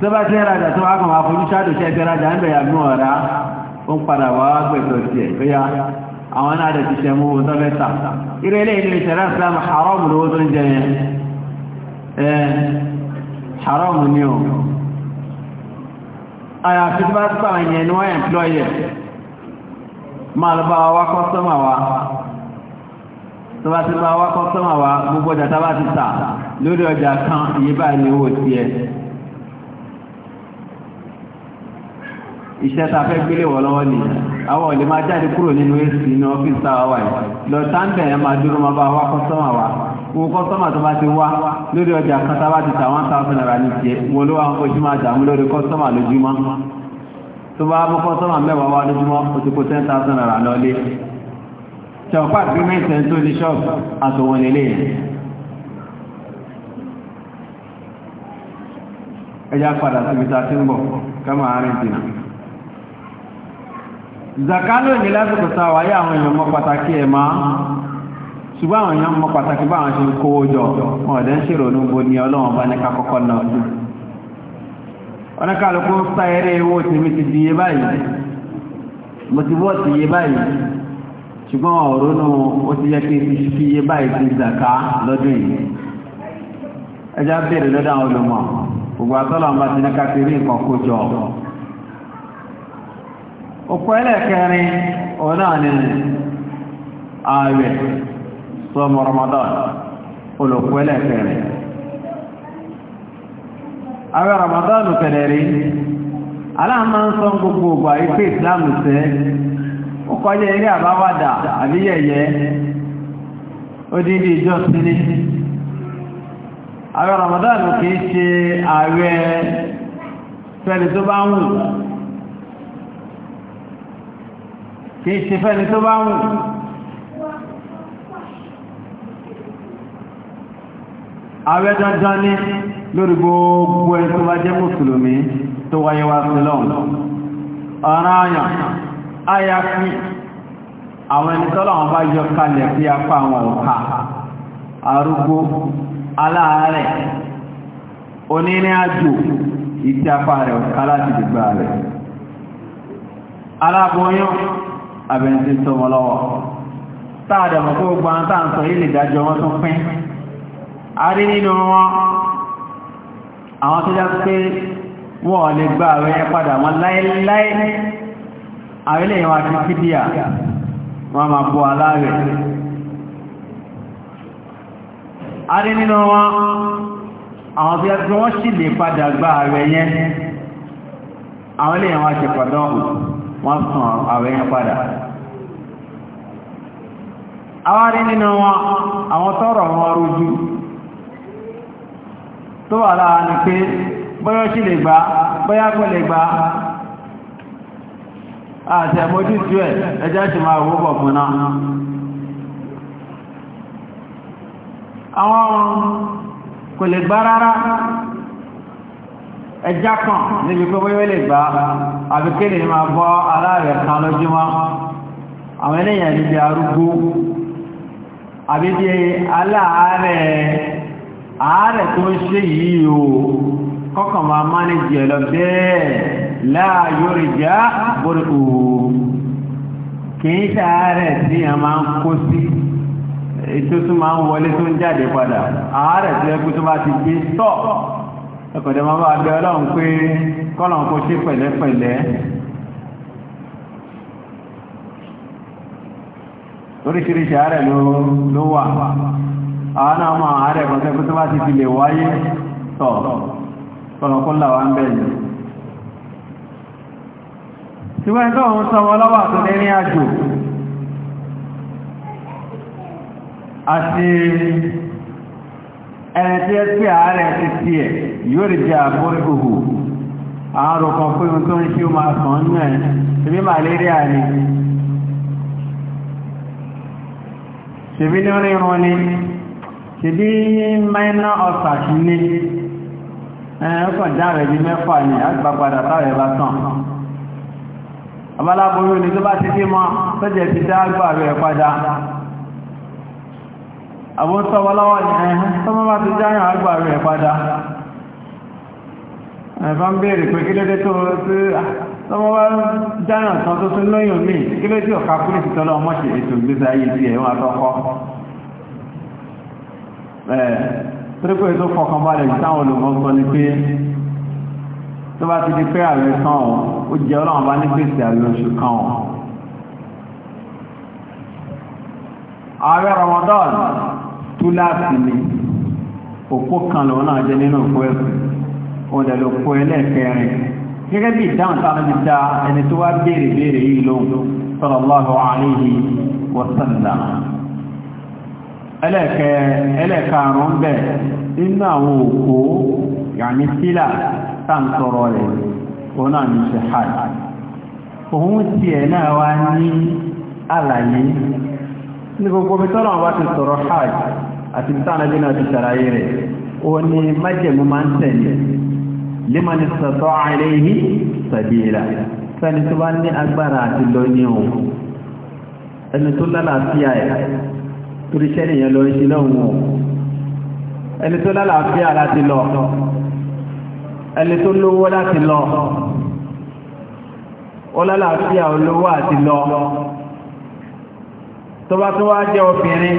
tó bá tẹ́ rajà tó wá kàn wá fojú ṣáàdù ṣe ẹgbẹ́ rajà ń bẹ̀yà mú ọ̀rá ó ń padà wá gbẹ̀gbẹ̀ tiẹ̀ bóyá àwọn náà dẹ̀ ti ṣe mú owó tọ́fẹ́ tà irú ilé ìlú ìṣẹ̀rẹ́ islam haram lówó tó ń jẹ yẹn ẹ haram ni o àyàfi tó bá tó àwọn ènìyàn ni wọ́n ẹ̀mplọ́yẹ̀ máa lọ bá wa kọ́sọ́mà wa tó bá ti bá wa kọ́sọ́mà wa gbogbo ọjà tá bá ti tà lórí ọjà kan ìyíbá ni owó tiẹ̀ iṣẹ́ tá a fẹ́ gbélé wọ̀ lọ́wọ́ ni àwọn òlè máa jáde kúrò nínú èsì ní ọ́fíìsì tá a wà yìí lọ táǹdà yẹn máa dúró máa bá wá kọ́sọ́mà wa wo kọ́sọ́mà tó bá ti wá lórí ọjà kan a bá ti ta one thousand naira ní tiẹ̀ wo ló wà ń fojú máa dààmú lórí kọ́sọ́mà lójúmọ́ tó bá mú kọ́sọ́mà mẹ́wàá wá lójúmọ́ o ti kó ten thousand naira lọ́lé ṣọ̀pá agreement ẹ̀ tó ní ṣọ́ọ̀bù àtòwọn nílé yẹn ẹjá padà síbi tá a ti ń bọ̀ ká máa rìn zaka lónìí lásìkò táwà ya àwọn èèyàn mọ́ pàtàkì ẹ̀ máa ṣùgbọ́n àwọn èèyàn mọ́ pàtàkì bá ṣe ń kówó jọ wọn ọ̀dẹ́ ń ṣèrònú bo ní ọlọ́run bá ní kakọ́kọ́ náà sí ọ̀nàkàlùkù ń sa eré owó tèmi ti di iye báyìí ṣùgbọ́n ọ̀rọ̀ ó ti òpó ẹlẹ́ẹ̀kẹrin ọ̀nà ààrẹ sọmọ Ramadan olùpó ẹlẹ́ẹ̀kẹrin ààrẹ Ramadan kẹrẹrí aláàmà ń sọ gbogbo ògbà ipé ìsìláàmù tẹ́ ó eré àbáwádà àbíyẹ̀yẹ́ ó ìjọ síní ààrẹ Ramadan kìí ṣe ààrẹ fẹ́ni tó bá wù kì í ṣe fẹ́ni tó bá wù ààrẹ dandan ní lórí gbogbo ẹni tó bá jẹ́ mùsùlùmí tó wáyé wá sí lọ́n ọ̀rọ̀ àyàn àyàfi àwọn ẹni tọ́lọ̀ wọn bá yọ kalẹ̀ bí apá àwọn ọ̀ka arúgbó aláàárẹ̀ onírìn àjò ìtí apá rẹ̀ ọ̀ká láti dìgbà rẹ̀ aláboyún abẹ́ntí tó wọn lọ́wọ́ táàdàmọ̀ kó gbọ́ àwọn táàntọ̀ ilé ìdájọ́ wọn tún pín a rí nínú wọn àwọn tó jẹ́ pé wọ́n lè gba àwọn ẹyẹ padà wọn láéláé àwọn ilé ìwọ̀n àti fídíà wọ́n máa bọ́ aláàrẹ̀ a rí nínú wọn àwọn tó jẹ́ pé wọ́n sì lè padà gba ààrẹ yẹn àwọn ilé ìwọ̀n àti pàdánù wọ́n sàn àwẹ̀ padà awárí nínú wọn àwọn tọ́rọ̀ wọn rújú tó wà lára ní pé bọ́yọ́ sí lè gbá bọ́yá kò lè gbá àti ẹ̀mójú tí ẹjẹ́ ti máa fún náà àwọn kò lè ẹjá kan níbi pé bóyá lè gbá àbí kí lè máa bọ́ aláàrẹ̀ kan lójúmọ́ àwọn eléyàn níbi arúgbó àbí bí aláàrẹ̀ àárẹ̀ tó ń ṣe yìí o kọ́kàn máa mánéjì ẹ̀ lọ bẹ́ẹ̀ láàyò ìjà borí òwò kìí ṣàárẹ̀ tí a máa ń kó sí ètò tó máa ń wọlé tó ń jáde padà àárẹ̀ tó ẹkú tó bá ti gbé tọ́ ẹkọ̀dẹ̀ máa bá bẹ ọlọ́run pé kọ́lọ̀n kó ṣe pẹ̀lẹ́pẹ̀lẹ́ oríṣiríṣi ààrẹ ló wà àwọn náà mọ̀ ààrẹ kọ̀ọ̀kẹ́ kó tó bá ti fi lè wáyé tọ̀ kọ́lọ̀n kó làwà ń bẹ̀rẹ̀ ṣùgbọ́n tó ń sọ wọn ẹni tí ẹ tí ààrẹ ti tí ẹ yóò rí jẹ àbúrí òhù àárò kan pé ohun tó ń ṣe ó máa sàn nínú ẹ ṣebí màléríà ni ṣebí ní rírun ni ṣebí minor ulcer ni ẹ ọkàn dáàrẹ bíi mẹ́fà ni àgbàpadà táwọn ẹ bá tàn abala borí ni tó bá ti dé mọ tó ti dá àgbà padà àbọ́ sọ́wọ́láwọ́ ní ẹ̀hán sọ́mọ́ bá ti jáyàn àgbà rẹ̀ padà ẹ̀fà ń bèèrè pé kí lóde tó sí sọ́mọ́ bá jáyàn tán tó tún lóyún mí kí ló tí ọ̀ka kúrò sí tọ́lọ́ ọmọ ṣe ètò ìgbésí ayé ti ẹ̀wọ̀n àtọ́kọ́ ẹ̀ torípé tó fọkàn balẹ̀ jù táwọn ààrẹ Ramadan túláàsì ni òpó kan lọ náà jẹ́ nínú òpó ẹ̀sùn ọ̀dẹ̀ ló pọ̀ ẹlẹ́ẹ̀kẹrin gẹ́gẹ́ bí ìdáhùn táwọn ti da ẹni tó wá béèrè béèrè yìí lóhùn sallallahu alayhi wa sallam ẹlẹ́ẹ̀karùn-ún náà wá ní àlàyé ní gbogbo mi tọ́lọ̀ wá ti sọ̀rọ̀ hajj àti ìtànàbí náà ti ṣàlàyé rẹ̀ ó ní májẹ̀mú máa ń tẹ̀lé liman istata'a ilayhi sabila fẹ́ni tó bá ní agbára àti lọ ní òun ẹni tó lálàáfíà jẹ́ obìnrin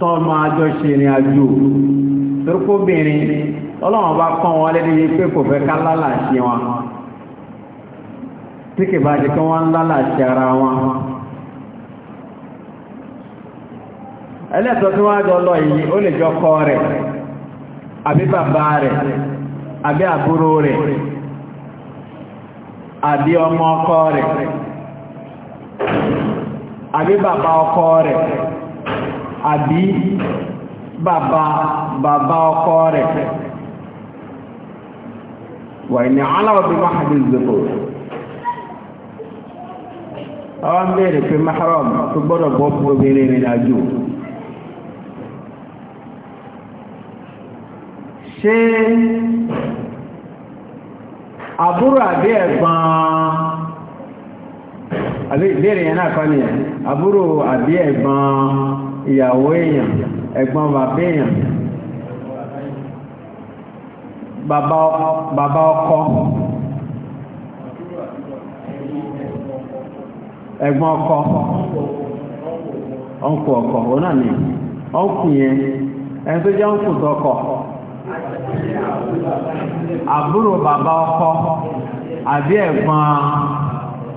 tán máa jọ ṣe ìrìn àjò torípóbìnrin ọlọ́run bá kọ́ wọn lẹ́dí pé kò fẹ́ ká lálàṣẹ wọn tí kì bá jẹ́ kí wọ́n lálàṣẹ ara wọn ẹlẹ́tọ̀ tí wọ́n jọ lọ yìí ó lè jọ kọ rẹ̀ àbí bàbá rẹ̀ àbí àbúrò rẹ̀ àbí ọmọ ọkọ rẹ̀ àbí bàbá ọkọ rẹ̀ àbí bàbá bàbá ọkọ rẹ̀ wà ní aláwọ̀bí máhàbí zòkó àwọn bèèrè pé mahram tó gbọ́dọ̀ bọ́ fún obìnrin rìn àjò ṣé àbúrò àbí ẹ̀gbọ́n àbí ìbéèrè yẹn náà kọ́ àbúrò àbí ẹ̀gbọ́n ìyàwó èèyàn ẹ̀gbọ́n bàbá èèyàn bàbá ọkọ ẹ̀gbọ́n ọkọ ọkọ ọkọ ni yẹn ẹni tó jẹ́ bàbá ọkọ àbí ẹ̀gbọ́n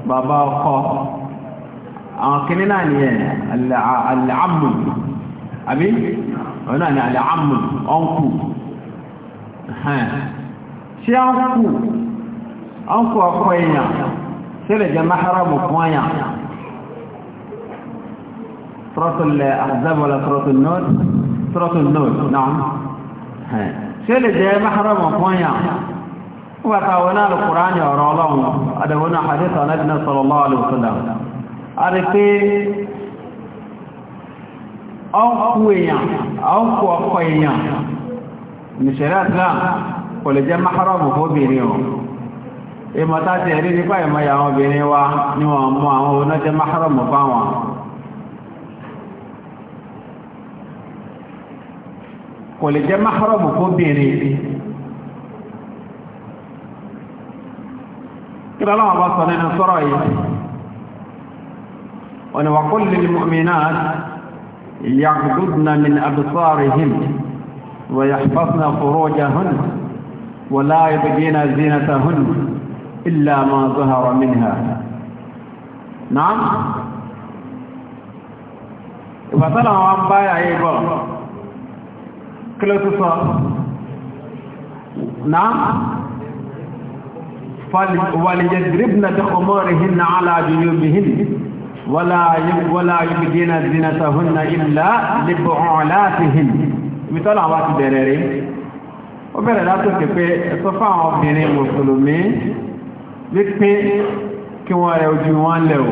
bàbá ọkọ. كنينا نيه العم ابي انا انا العم انكو ها شي انكو انكو اخويا سله جماعه رب اخويا صراط الاحزاب ولا صراط النور صراط النور نعم ها سله جماعه رب اخويا وقاونا القران يا رب الله ادونا حديث النبي صلى الله عليه وسلم a rí pé ọkù èèyàn ọkù ọkọ èèyàn nìṣẹ̀rẹ́ islam kò lè jẹ́ fóbìnrin o ìmọ̀ta ti ẹ̀rí nípa ìmọ̀ àwọn obìnrin wa ní wọn mú àwọn onájẹ́ maharamu fáwọn kò lè jẹ́ maharamu fóbìnrin kí lọ́lọ́wọ́ bá sọ nínú sọ́rọ̀ yìí وأنا وكل المؤمنات يعبدن من أبصارهم ويحفظن فروجهن ولا يبدين زينتهن إلا ما ظهر منها نعم فصلى الله عليه وسلم كل تصال نعم فل... وليجربن بأمورهن على جيوبهن ولا ولا يبدين زينتهن إلا لبعولاتهن مثال عوات بريري وبرẹ̀ látòkè pé ẹ̀sọ fáwọn obìnrin mùsùlùmí wípé kí wọ́n rẹ̀ ojú wọn lẹ̀ o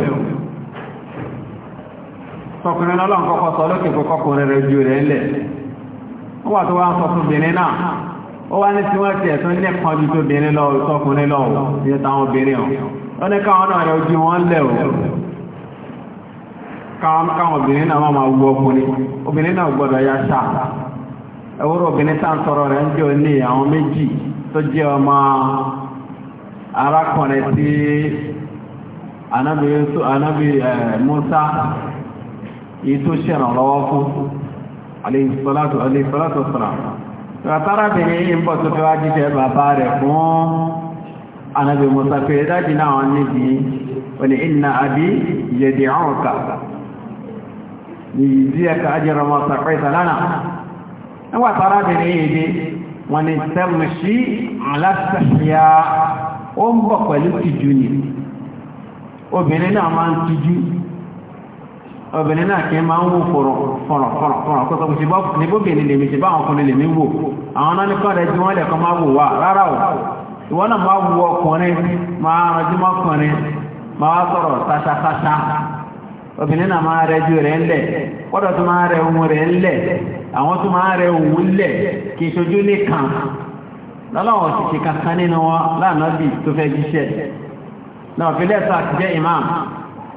sọkùnrin ọlọ́n kọ́kọ́ sọ lókè kọ́kọ́ kò rẹ̀ ojú rẹ̀ lẹ̀ wọ́n wà tó wá ń ó wá ní tí wọ́n ti ẹ̀sọ́ ní ẹ̀kan ju tóbìnrin lọ sọkùnrin lọ ìyẹ́ta obìnrin ọ̀ káwọn obìnrin náà máa wú ọkùnrin obìnrin náà gbọ́dọ̀ ya ṣá ẹwúrọ̀ obìnrin tá ń sọ̀rọ̀ rẹ̀ ń jẹ́ òní àwọn méjì tó jẹ́ ọmọ arákùnrin tí anábì Musa yìí tó ṣèrànlọ́wọ́ fún alayhi salatu alayhi salatu wassalam tàtàràbìnrin yìí ń bọ̀ tó fẹ́ jíjẹ bàbá rẹ̀ fún anábì Musa pé dájì náà wọ́n níbi wọ́n ni inna abi yẹ̀dẹ̀ ọ̀kà ليجزيك أجر ما سقيت لنا وترى بالعيد ونتمشي على obìnrin ń náà náà obìnrin náà máa rẹ ju rẹ̀ ńlẹ̀ pọ́dọ̀ tó máa rẹ ohun rẹ̀ ńlẹ̀ àwọn tó máa rẹ ohun ńlẹ̀ kì í ṣojú nìkan lọ́lọ́wọ́ ti ṣe kankan nínú wọn lánàá bì tó fẹ́ jíṣẹ́ náà fi lẹ́sà jẹ́ imam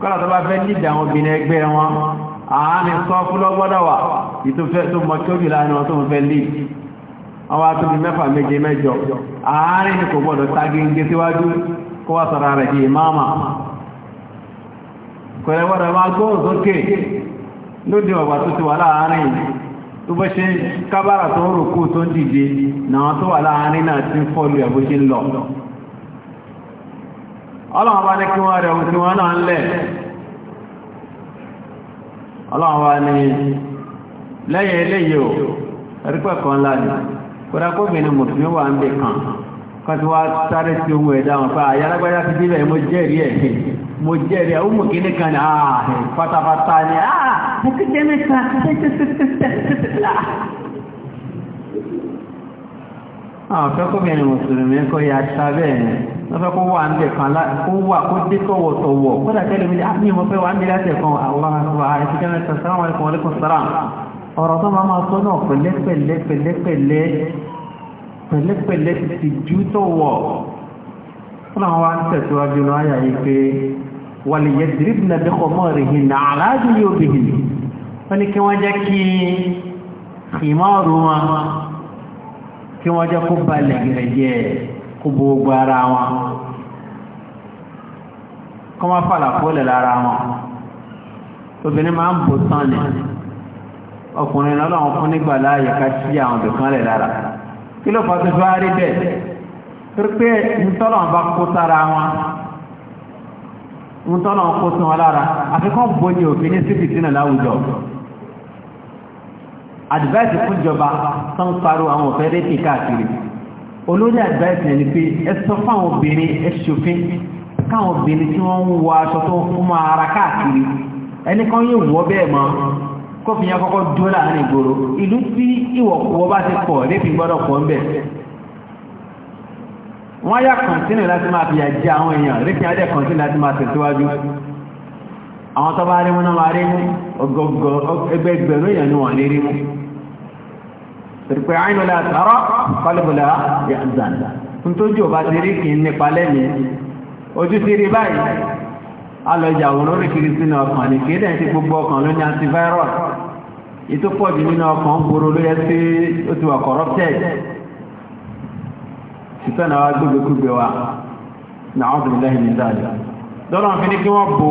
kọ́lá tó bá fẹ́ nídìí àwọn obìnrin ẹgbẹ́ wọn àárín sọ fúlọ́gbọ́dọ̀ wà ìtòfẹ́ tó mọ kí ó wọn tó fẹ́ líì àwọn atóbi mẹ́fà méje mẹ́jọ àárín kò gbọ́dọ̀ tágéńgé síwájú kó wá sọ̀rọ̀ rẹ̀ di ìmáàmà kọ̀rẹ̀wọ́rẹ̀ máa gbóhùn sókè lóde ọ̀gbà tó ti wà láàárín tó bọ́ ṣe kábàrà tó ń rùkú tó ń dìde náà tó wà láàárín náà ti ń fọ́lù ẹ̀ bó ṣe ń lọ ọlọ́run bá ní kí wọ́n rẹ̀ ohun tí wọ́n náà ń lẹ̀ kan tí wọ́n sáré sí ohun ẹ̀dá wọn pa àyàlágbáyá ti débẹ̀ mo jẹ́rìí ẹ̀ mo jẹ́rìí ẹ̀ ó mú kíní kan ní àà ah, pátápátá ni àà ah, mo kéde mẹ́ta ah. àwọn fẹ́ kó bẹ̀rẹ̀ mùsùlùmí kó ya sábẹ́ ẹ̀ wọ́n fẹ́ kó wà ń bẹ̀ kan kó wà kó dé tọ̀wọ̀ tọ̀wọ̀ kódà tẹ́lẹ̀ mi ní mo fẹ́ wà ń bẹ̀ láti ẹ̀kan àwọn àwọn àìsíkẹ́ mẹ́ta sáwọn ẹ̀kọ́ ọ̀rọ̀ tó máa máa sọ náà pẹ̀lẹ́pẹ̀lẹ́pẹ̀lẹ́pẹ̀lẹ́ pẹ̀lẹ́pẹ̀lẹ́ ti ti jú tó wọ̀ fúnàwọn wá ń tẹ̀síwájú ní àyà yìí pé wàlìyẹ dìrìbìnà bí kọmọ rẹ̀ hìn náà aláàjú yóò bì hìn wọ́n ní kí wọ́n jẹ́ kí ìmọ̀ọ̀rù wọn kí wọ́n jẹ́ kó balẹ̀ lẹ̀ kí ló fọ́ tuntun á rí bẹ́ẹ̀ torí pé ntọ́nà bá kó sára wọn ntọ́nà kó sun wọn lára àfikún bóyá òfin ní síbi sínú láwùjọ advice fún ìjọba tó ń pariwo àwọn òfin rédíò káàkiri olórí advice yẹn ni pé ẹ sọ fáwọn obìnrin ẹ ṣòfin káwọn obìnrin tí wọ́n ń wọ aṣọ tó ń fún ara káàkiri ẹnìkan yóò wọ́ bẹ́ẹ̀ mọ́ kó fi yẹn kọ́kọ́ dúró láàrin ìgboro ìlú tí ìwọ̀kúwọ́ bá ti pọ̀ lé fi gbọ́dọ̀ pọ̀ ń bẹ̀ wọ́n yá kọ̀ntínù láti máa fi àjẹ àwọn èèyàn lékìn adẹ́ kọ̀ntínù láti máa tẹ̀síwájú àwọn tó bá rí wọn náà máa rí mú ọgọgọ ẹgbẹgbẹ̀rún ni wọ́n lè rí alọ́jà àwọn olóríkiri sínú ọkàn ní kéde ẹ̀ ti gbogbo ọkàn ló antivirus ètò pọ̀jù nínú ọkàn gbòòrò ló yẹ sí ó ti wà corrupted ṣùgbọ́n náà wá gbégbégbé wa náà ọdún lẹ́yìn ní lọ́nà fi ní kí wọ́n bò ó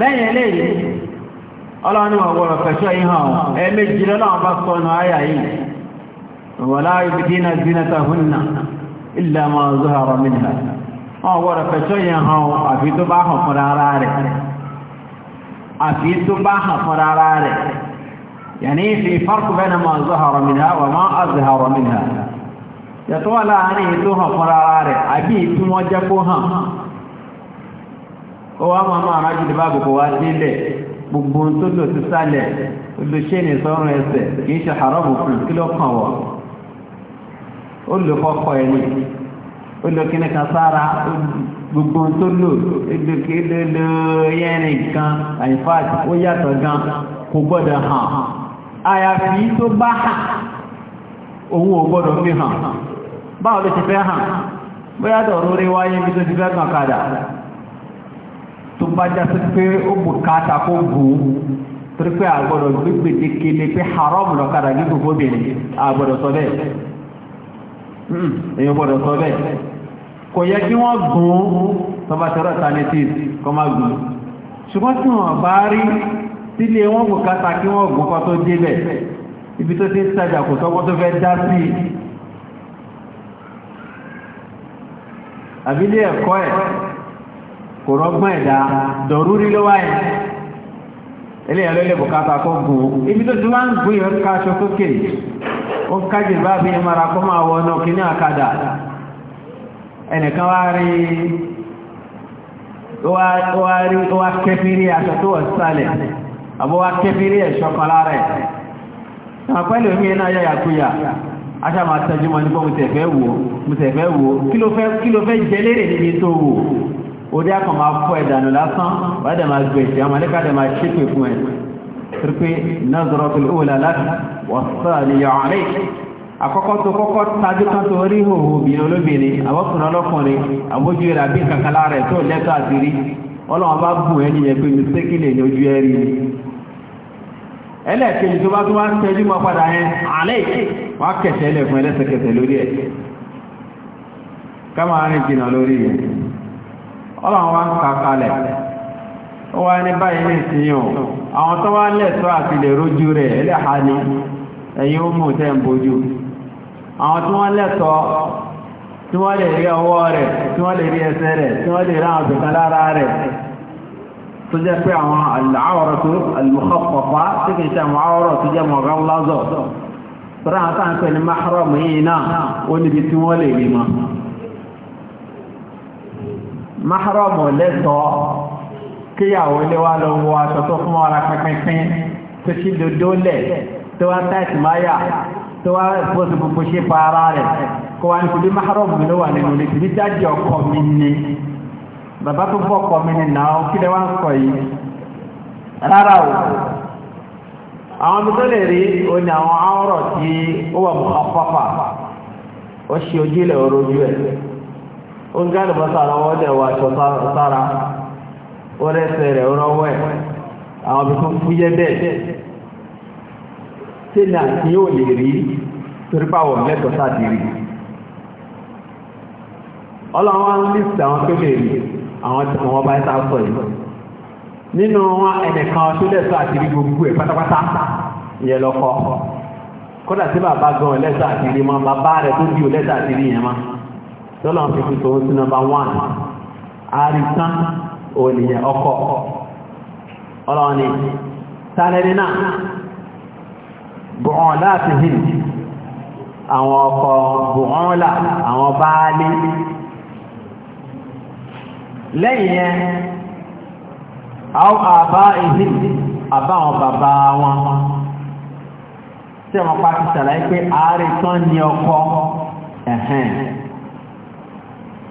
lẹ́yìn eléyìí ọlọ́run ní ọgbọ̀rọ̀ fẹ̀ṣọ́ yìí ẹ̀ẹ́mẹ́jì lọ́nà bá ayà yìí ìlà máa zọ́hàrọ̀ mìíràn wọ́n wọ́rọ̀ fẹ̀ṣọ́ yẹn hàn àfi tó bá hàn fúnra ara rẹ̀ àfi tó bá hàn fúnra ara rẹ̀ yàní fi farq bayna máa zọ́hàrọ̀ mìíràn wà máa azọ́hàrọ̀ mìíràn yàtọ̀ wà láàárín ètò hàn fúnra ara rẹ̀ àbí ètò wọn jẹ́ kó hàn ó gbogbo tó lò sí sálẹ̀ olùṣẹ́ni sọ́run ẹsẹ̀ kì ṣe àrọ́bù fún ó lò fọ́kọ́ ẹni ó lò kíní kan sára gbogbo tó lò lò yẹ́nì kan àìfáàtì ó yàtọ̀ gan kò gbọ́dọ̀ hàn àyàfi tó bá hàn òun ò gbọ́dọ̀ fi hàn báwo ló ti fẹ́ hàn bóyá dọ̀rọ̀ rí wáyé bí tó ti fẹ́ kàn kàdà tó bá jásí pé ó bùkátà kó bù ú torí pé àgbọ̀dọ̀ gbígbèdékele pé haram lọ́kadà gbígbòkó bìnrin àgbọ̀dọ̀ sọ bẹ́ẹ̀ Hmm. èyàn gbọ́dọ̀ sọ bẹ́ẹ̀ kò yẹ kí wọ́n gùn ún tọba tẹ́rọ sanitis kọ máa gùn ṣùgbọ́n tí wọ́n bá rí sílé kò kátà kí wọ́n gùn ibi tó ti sájà kò sọ́kọ́ tó fẹ́ dá sí i àbílẹ̀ ẹ̀kọ́ ẹ̀ kò rọgbọ́n ẹ̀dá ilé ẹ̀rọ ilé bùkátà kó gùn ó ibi tó ti wá ń gùn yóò ká aṣọ sókè ó kájì bá bí mara kó máa wọ ọ̀nà kìíní àkádà ẹnìkan wá rí wá kẹfìrí aṣọ tó wọ̀ sálẹ̀ àbọ̀ wá kẹfìrí ẹ̀ṣọ́ kan lára ẹ̀ àpẹẹlẹ̀ omi iná yáyà kúyà aṣá máa tẹjú mọ́ nípa mo tẹ̀fẹ́ wò kí ló fẹ́ jẹ lérè níbi tó wò orí akọ̀ máa fọ́ ẹ̀dànù lásán wáyé dẹ̀ máa gbé ìṣẹ́ ọmọ nípa dẹ̀ máa ṣépè fún ẹ̀ pípé náàzọ̀rọ̀ tó lóòlà láti wọ̀sán níyà ọ̀rẹ́ àkọ́kọ́ tó kọ́kọ́ tajú kan tó rí hòhò obìnrin olóbìnrin àwọ́kùnrin ọlọ́kùnrin àmójú ẹ̀rà bí kankala rẹ̀ tó lẹ́tọ́ àti rí ọlọ́wọ́n bá bùn ẹni yẹn pé mistake lè ní ojú ẹ rí ẹlẹ́ẹ̀kejì tó ọlọ́run wá ń ka kalẹ̀ ó wá ní báyìí ní ìsinyìí o àwọn tó wá lẹ́tọ́ àti lè rójú rẹ̀ ẹlẹ́ha ni ẹ̀yin ó mú tẹ́ ń bójú àwọn tí wọ́n lẹ́tọ́ tí wọ́n lè rí ọwọ́ rẹ̀ tí wọ́n lè rí ẹsẹ̀ rẹ̀ tí wọ́n lè rí àwọn ọ̀gbẹ̀kan lára rẹ̀ tó jẹ́ pé àwọn àwọ̀rọ̀ tó alùkọ́pọ̀pá tí kìí ṣe àwọn àwọ̀rọ̀ tó jẹ́ mọ̀gá lázọ̀ tó mahram lẹ́tọ̀ọ́ kíyàwó ilé wa lọ wọ aṣọ tó fún ara pínpín tó ṣí dodo lẹ̀ tó wá táìsì máyà tó wá bóṣe gbogbo ṣe pa ara rẹ̀ kó wá ní kò bí mahram mi ló wà nínú ilé kìí jáde ọkọ mi ni bàbá tó bọ́ ọkọ mi ni náà kí lè ń sọ yìí rárá o àwọn ibi tó lè rí o ní àwọn àwòrán tí ó wà mú afáfà ó ṣe ojú ilẹ̀ orójú ẹ̀ ń gáàdì mọ́sára wọ́n dẹ̀ wọ aṣọ sára ó rẹ́sẹ̀ rẹ̀ rọ́wọ́ ẹ̀ àwọn ibi tó fúyẹ́ bẹ́ẹ̀ tí ní àti yóò lè rí torípàwọ̀ mẹ́tọ̀ sáàdì rí ọlọ́wọ́n list àwọn tó lè rí àwọn tí wọ́n bá ẹ́ta sọ yìí nínú wọn ẹnìkan tó lẹ́sọ àti rí gbogbo ẹ̀ pátápátá yẹ lọ́kọ́ kódà tí bàbá gan lẹ́sọ àti rí mọ́ bàbá rẹ̀ tó bí ò lẹ́sọ àti rí yẹn mọ́ tọ́lọ̀ ń fi fi tòun sí nọmba wán àrísán ònìyàn ọkọ̀ ọlọ́ọ̀ni tálẹ́ni náà bùhàn láti hìn àwọn ọkọ̀ bùhàn là àwọn báálé lẹ́yìn yẹn àwọn àbá ìhìn àbá àwọn bàbá wọn tí wọ́n pa sàlàyé pé ààrẹ tán ní ọkọ̀ ẹ̀hẹ́n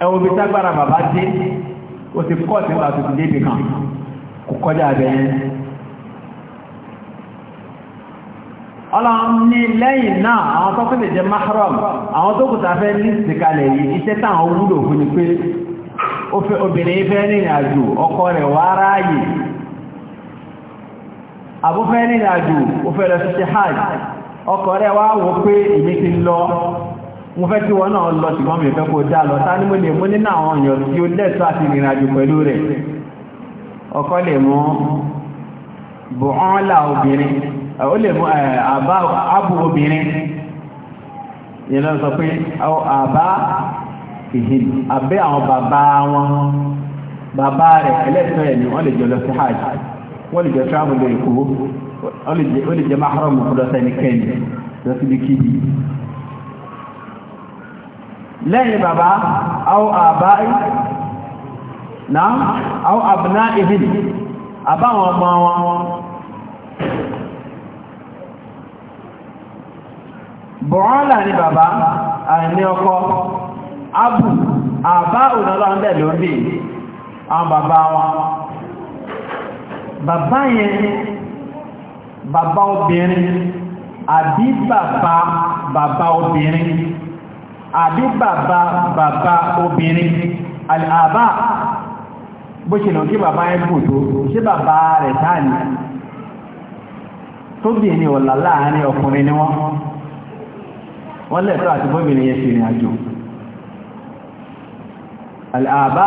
ẹwọ bí tágbára bàbá dé ó ti kọ́ sí ìgbà tuntun débi kan kò kọjá ọlọ́run ní lẹ́yìn náà àwọn tó lè jẹ mahram àwọn tó kù tàfẹ́ ní ìsìnkalẹ̀ yìí iṣẹ́ wúlò fún ni pé obìnrin ọkọ rẹ̀ wá ráyè ó fẹ́ lọ sí ṣe ọkọ rẹ̀ wá mo fẹ́ kí wọ́n náà lọ ṣùgbọ́n mi fẹ́ kó dá lọ tá ní mo lè mú nínú àwọn èèyàn tí ó lẹ́tọ́ àti ìrìn àjò pẹ̀lú rẹ̀ ọkọ lè mú bùhánlá obìnrin ó lè mú àbú obìnrin yẹn lọ sọ pé àbá ìhìn àbẹ́ àwọn bàbá wọn bàbá rẹ̀ ẹlẹ́tọ́ ẹ̀ ni wọ́n lè jọ lọ sí hajj wọ́n lè jọ travel lè kó wọ́n lè jẹ mahram kúrọ́sẹ́nikẹ́ni lọ síbi kíbi lẹ́yìn bàbá àwọn àbáyí náà àwọn àbìná ìhìn àbáwọn ọmọ wọn bọ̀ọ́là ni bàbá àìní ọkọ abù àbá ònàlọ́ndẹ̀ lórí àwọn bàbá wọn bàbá yẹn bàbá obìnrin àbí bàbá bàbá obìnrin àbí bàbá bàbá obìnrin àbá bó ṣe lọ kí bàbá ẹ bù tó ṣé bàbá rẹ̀ táà ní tóbi ní ọ̀là láàárín ọkùnrin ni wọ́n wọ́n lẹ́tọ́ àti bọ́bìnrin yẹn sí ìrìn àjò al'aba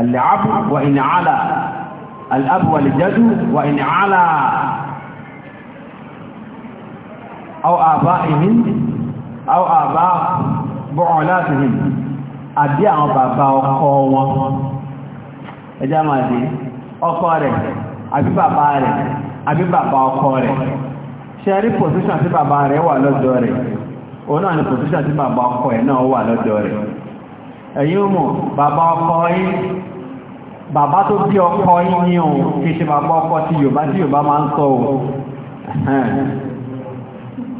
al'abu wa in'ala al'abu wa aljadu wa in'ala aw aba'ihim àwọn àbá bọ́ọ̀ láti rìn àbí àwọn bàbá ọkọ wọn ẹjá máa dé ọkọ rẹ̀ àbí bàbá rẹ̀ àbí bàbá ọkọ rẹ̀ ṣe rí pòsíṣàn tí bàbá rẹ̀ wà lọ́dọ̀ rẹ̀ òun náà ni pòsíṣàn tí bàbá ọkọ ẹ̀ náà wà tó bí ọkọ yín ní kìí ṣe bàbá ọkọ ti Yorùbá tí Yorùbá máa ń sọ òun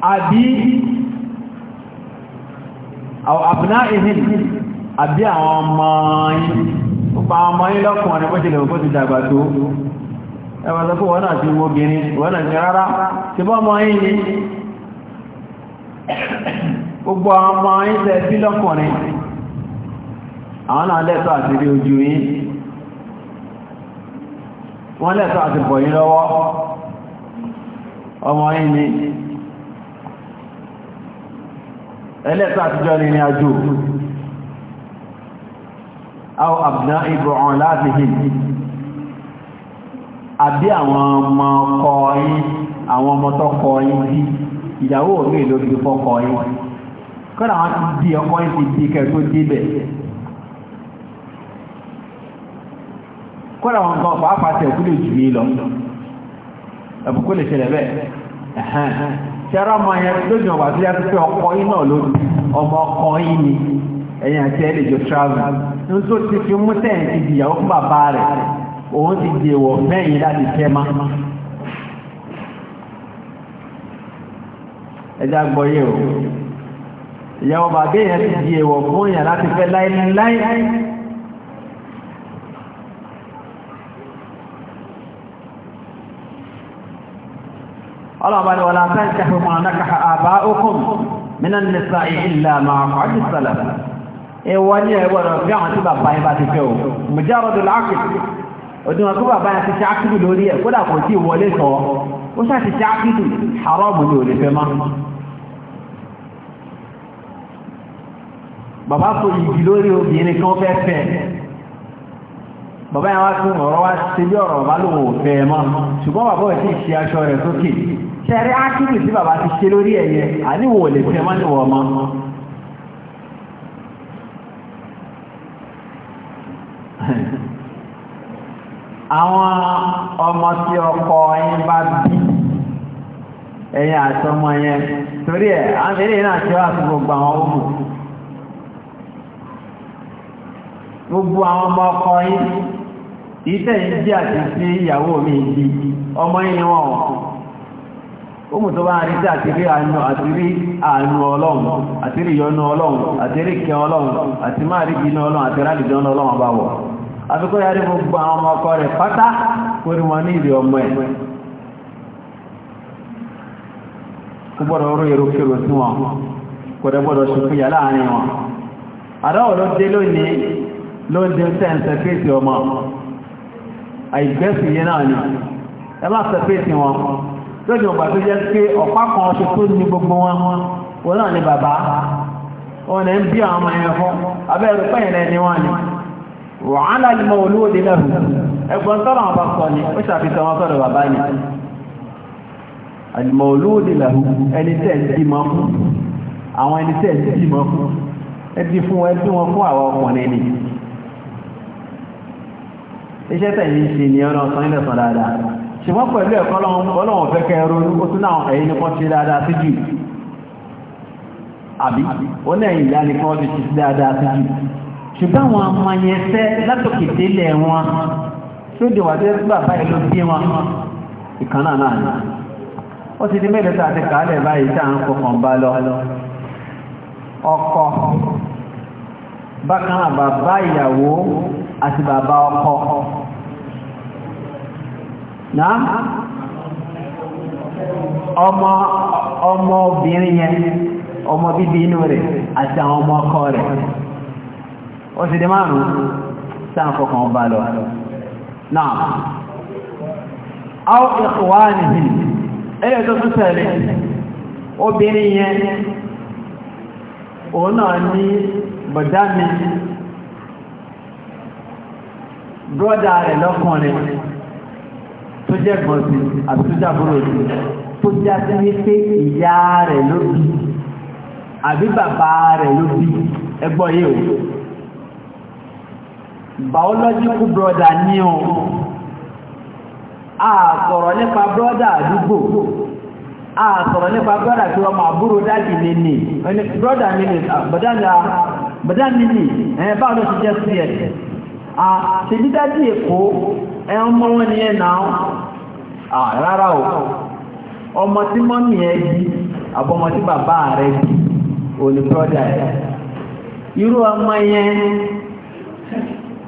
abi àwọn àbúná ìhìn àbí àwọn ọmọ yìí pa ọmọ yìí lọ́kùnrin bó ṣe lè ti dàgbà tó ẹwà sọ fún wọ́n náà ti wóbìnrin wọ́n náà ti rárá ti bọ́ ọmọ ni gbogbo ọmọ yìí tẹ́ bí lọ́kùnrin àwọn náà ọmọ ẹlẹ́ta àtijọ́ ní ní àjò àwọn àbìdá ìbòrán láti hìn àbí àwọn ọmọ ọkọ yín àwọn ọmọ tó kọ yín bí ìyàwó mi ló fi fọ́kọ yín kọ́nà àwọn ti di ọkọ yín ti di kẹ́ débẹ̀ kọ́nà àwọn nǹkan pàápàá tẹ̀ lè jù mí lọ ẹ̀bùkú lè ṣẹlẹ̀ bẹ́ẹ̀ ṣẹ́rọ ọmọ yẹn lójú ọ̀wà tó yàtọ̀ pé ọkọ̀ yìí náà lójú ọmọ ọkọ̀ yìí ni ẹ̀yìn àti ẹ̀ lè jọ travel ní tó ti fi mú tẹ̀yìn ti dìyàwó fún bàbá rẹ̀ òun ti di èèwọ̀ mẹ́yìn láti tẹ́ ma. ẹja gbọ́ o ìyàwó bàbá yẹn ti di èèwọ̀ fún yàn láti fẹ́ láéláé ọlọ́ọ̀bá ni wọ́n látẹ́ ìṣẹ́fù máa nákàá àbá okùn mínà nìsa ìlà máa kọ́jú sẹ́lẹ̀ ẹwọ́ ní ẹgbọ́dọ̀ bí àwọn tí bàbá yẹn bá ti fẹ́ o mùjárọ̀dù láàkì òdìwọ̀n tó bàbá yẹn ti ṣe ákìlù lórí ẹ̀ kódà kò tí wọlé sọ ó ṣáà tún ọ̀rọ̀ wá ṣe bí ọ̀rọ̀ bá lòun ò fẹ́ mọ́ ṣùgbọ́n bàbá ò tí aṣọ rẹ̀ sókè ṣẹ̀rí ákìlì tí bàbá ti ṣe lórí ẹ̀yẹ àníwò lè fẹ́ mọ́ níwọ̀ ọmọ àwọn ọmọ tí ọkọ yín bá bí ẹ̀yìn àtọmọ yẹn torí ẹ̀ àwọn náà tí wà fún gbogbo àwọn ọmọ gbogbo àwọn ọmọ ọkọ yín ìtẹ̀yìn jí àti sí ìyàwó mi di ọmọ yín wọn Omu tó bá rí sí àtìrí àánú àtìrí àánú ọlọ́run, àtìrí ìyọnú ọlọ́run, àtìrí ìkẹ ọlọ́run, àti máa rí jìnà ọlọ́run àti rálìjọ́ ọlọ́run àbáwọ̀. Àfikọ́ yàrí gbogbo àwọn ọmọ ọkọ rẹ̀ pátá kórí wọn ní ìrì ọmọ ẹ̀. Kò gbọ́dọ̀ rú èrò kérò sí wọn, kò dẹ̀ gbọ́dọ̀ ṣùkúyà láàrin wọn. Àdáwọ̀ ló dé lónìí ló ń dé sẹ́ǹsẹ̀ fèsì ọmọ. Àìgbẹ́sì yẹn náà ni, ẹ má sẹ fèsì wọn lọ́jọ́ ìgbà tó jẹ́ pé ọ̀pá kan ṣe tó ní gbogbo wọn wọn náà ni bàbá wọn ni ń bí àwọn ọmọ yẹn fún abẹ́rù pẹ́yìn ni wọ́n ni wàhálà ni mo olóòdì náà ẹgbọ́n tọ́rọ àwọn bá sọ ni ó ṣàfihàn wọn sọ́rọ̀ bàbá ni àlùmọ̀ọ́lóòdì làhù ẹni tẹ́ ẹ̀ bí mọ́ fún àwọn ẹni tẹ́ ẹ̀ bí mọ́ fún ẹ ti fún ẹ tí wọ́n fún àwọn iṣẹ́ tẹ̀yìn ṣe ni ọ̀nà ọ̀sán ilẹ̀ sọ dáadáa ṣùgbọ́n pẹ̀lú ẹ̀kọ́ ọlọ́wọ̀n fẹ́ kẹrọ ó tún náà ẹ̀yìn nìkan ṣe dáadáa sí jù àbí ó lẹ́yìn ìyá nìkan ọdún ṣe dáadáa sí jù ṣùgbọ́n àwọn amanyẹsẹ́ látòkè délẹ̀ wọn tó dè wà dé bàbá ìlú bí wọn ìkànnà náà ni ó ti di mẹ́lẹ̀ tó kàálẹ̀ báyìí tá à ń kọkàn bá lọ ọkọ bákan àbàbá ìyàwó àti bàbá ọkọ naa ọmọ ọmọ obìnrin yẹn ọmọ bíbí inú rẹ̀ àti àwọn ọmọ ọkọ rẹ̀ ó sì dé márùn-ún sáà fọkàn ọba lọ náà àwọn ìkọwà nìyí ẹ̀yẹ tó tún tẹ̀lé obìnrin yẹn òun náà ní tó jẹ́ gbọ̀nsì àti tó jẹ́ àbúrò rẹ̀ tó jẹ́ sí wípé ìyá rẹ̀ ló bí àbí bàbá rẹ̀ ló bí ẹgbọ́ yìí o biological brother ní o a sọ̀rọ̀ nípa brother àdúgbò a sọ̀rọ̀ nípa brother tí wọ́n máa búrò dájì ní ní brother minute bọ̀dá mi ẹ̀ báwọn ló ti jẹ́ Ah, ṣèbí dájú Eko, ẹ̀hún mọ́ wọn nìyẹn náà ah, rárá o ọmọ tí mọ́mí ẹ bí àbọ̀mọ tí rẹ bí òní brọ́dà ẹ̀ irú ọmọ yẹn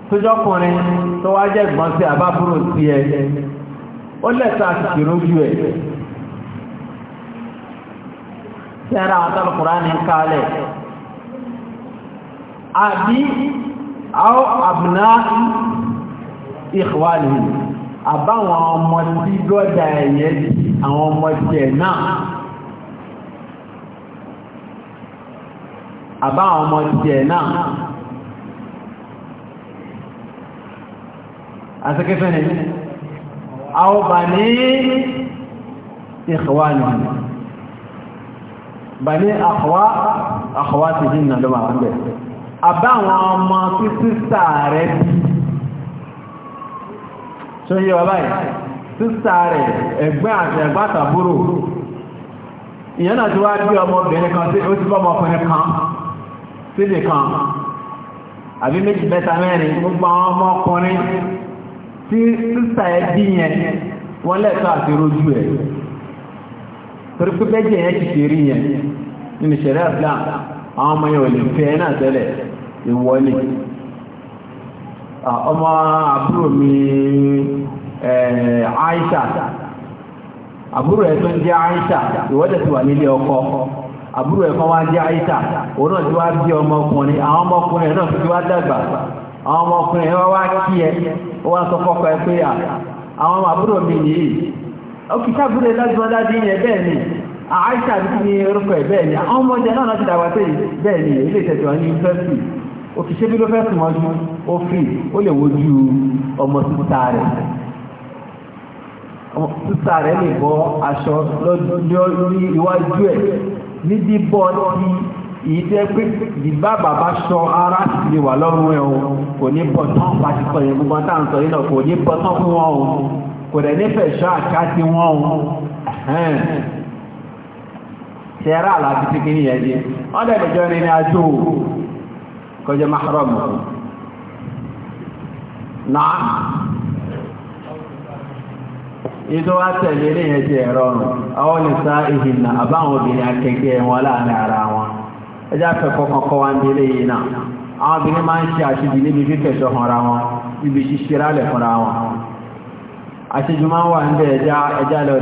tójọ́kùnrin tó wá jẹ́ ìgbọ́n sí àbábúrò sí ẹ àwọn àbùná ìkwàlì àbáwọn ọmọ tí gọ́dà ẹ̀yẹ àwọn ọmọ tẹ̀ náà àbáwọn ọmọ tẹ̀ náà àtẹ́kẹ́fẹ́ ni àwọn bà ní ìkwàlì bà ní àkọwà àkọwà ti jí lọ́wọ́ àwọn bẹ̀rẹ̀ àbáwọn ọmọ tí sísà rẹ̀ bí ṣe yẹ wà báyìí sísà rẹ̀ ẹgbẹ́ àti ẹ̀gbẹ́ àtàbúrò ìyẹn náà ti wá bí ọmọbìnrin kan tí ó ti bọ́mọ ọkùnrin kan sílè kan àbí méjì mẹ́ta mẹ́rin gbogbo àwọn ọmọkùnrin tí sísà ẹ̀ bí yẹn wọ́n lẹ́tọ́ àti rojú ẹ̀ torí yẹn ti rí yẹn nínú ìwọlé ah, ọmọ àbúrò mi eh, Aisha àbúrò abụrụ tó ń jẹ́ Aisha ìwọ́dẹ̀ ti wà nílé ọkọ àbúrò ẹ̀ kan wá jẹ́ Aisha òun náà ti wá bí ọmọkùnrin àwọn ọmọkùnrin náà ti wá dàgbà àwọn ọmọkùnrin wá kí ẹ ó wá sọ ẹ pé àwọn àbúrò mi àbúrò yẹn bẹ́ẹ̀ ni Aisha ti ní orúkọ bẹ́ẹ̀ ni àwọn òkìṣẹ́ bí ló fẹ́ sùn ọdún ó fi ó lè wojú ọmọ sísá rẹ̀ sísá rẹ̀ lè bọ́ aṣọ lórí iwájú ẹ̀ ní bíbọ́ ti èyí tẹ́ pé ìbá bàbá sọ ara sì lè wà lọ́rùn ẹ̀ o kò ní bọ́ tán pàtí sọ yẹn gbogbo tá à ń sọ yìí náà kò ní bọ́ tán fún wọn o kò dẹ̀ nífẹ̀ẹ́ sọ àká sí wọn o ṣẹ́ra àlàbí tí kìíní yẹn jẹ́ ọ́n dẹ̀ lè jọ rìn ní àjò kọjá mahram na náà ìtọ́ wá tẹ̀lé ní ero ẹ̀rọ ọ̀rùn àwọn na ìhìnà àbáwọn obìnrin akẹgbẹ́ wọn láàrin ara wọn ẹjá afọ kọkọ wá ń délé na náà ma obìnrin ṣe àṣejù níbi fífẹ̀sọ̀ hàn ra wọn ibi ṣíṣe rálẹ̀ wọn wà ń bẹ ẹja ẹja lọ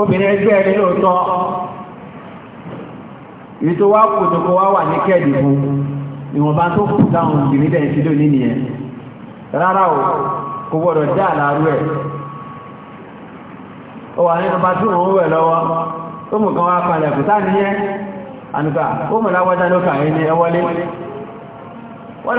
obìnrin ẹgbẹ́ ibi tó wá kò tó kó wá wà ní kẹ́ẹ̀dì fún ìwọ̀nba tó kù táwọn òbí dẹ̀ ti lò nínú yẹn rárá o kò gbọ́dọ̀ dá àlárú ẹ̀ ó wà nínú bá tí wọ́n wẹ̀ lọ́wọ́ tó mú kan wá palẹ̀ kò sáà níyẹn ànùkà ó mọ̀ láwọ́dá ló kà ní ẹwọ́lé wọ́n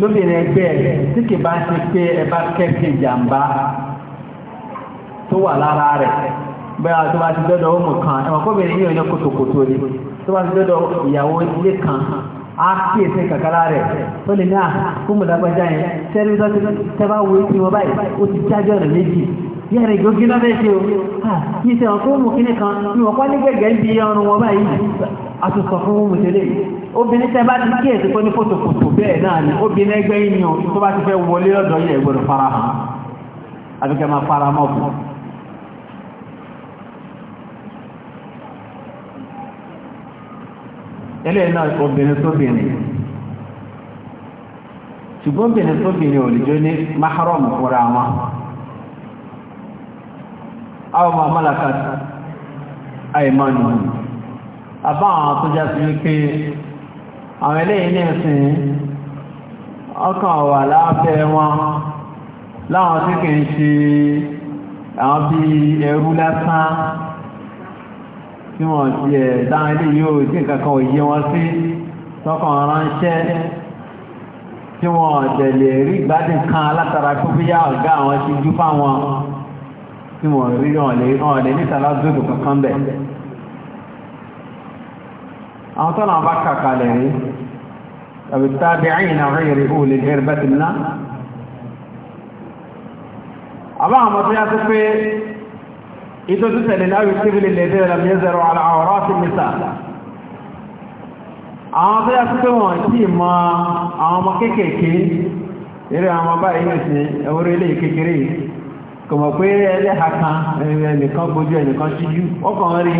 lóbìnrin ẹgbẹ́ rẹ̀ tí kì bá ń ṣe pé ẹ bá kẹ́kẹ́ ìjàmbá tó wà lára rẹ̀ bẹ́ẹ̀ tó bá ti dọ́dọ̀ ọmọ kan ẹ̀wọ̀n kóbìnrin yìí ò ní kòtòkòtò ni tó bá ti dọ́dọ̀ ìyàwó ilé kan á kí èsì kàkàrà rẹ̀ ó lè ní àkúmùdàgbàjá yẹn tẹ́rí tó ti tẹ́bá wo ti wọn báyìí ó ti jájọ́ rẹ̀ méjì yẹ́rì ìgbógí náà fẹ́ ṣe o yìí tẹ̀wọ̀n kó mú kíní kan ìwọ̀n pálí gẹ̀gẹ̀ ń ọrùn wọn báyìí àtúntọ̀ fún ohun ìṣẹ́lẹ̀ obìnrin tẹ́ bá ti kí èsì pé ní fòtòfòtò bẹ́ẹ̀ náà ni obìnrin ẹgbẹ́ tó bá ti fẹ́ wọlé lọ́dọ̀ yìí ẹgbẹ̀rún fara àbíkẹ́ ma fara ma maharam àwọn ọmọ àbá àwọn tó já sí wípé àwọn eléyìí ní ẹ̀sìn ọkàn wà láàfẹ́ wọn láwọn tí kìí ṣe àwọn bí ẹrú lásán tí wọ́n ti ẹ̀ dáhùn eléyìí yóò dín kankan òye wọn sí tọkàn ránṣẹ́ tí wọ́n tẹ̀lé rí gbádùn kan látara tó bí yá ọ̀gá àwọn ti jú fáwọn tí wọ́n rí ọ̀lẹ́ nítàlá zòdò kankan bẹ́ẹ̀ àwọn tó náà bá kàkàlẹ̀ rí tàbí tàbí àyìnà rí olè ẹ̀rẹ̀bẹ̀tì náà àbá àwọn tó yá tó pé ìtò tó tẹ̀lé láwí síbílì lẹ́dẹ̀ rẹ̀ mẹ́zẹ̀rọ àwọ̀rọ̀ sí mẹ́ta àwọn tó kọ̀mọ̀ pé ẹlẹ́ha kan ẹnìkan gbójú ẹnìkan síjú ọkàn rí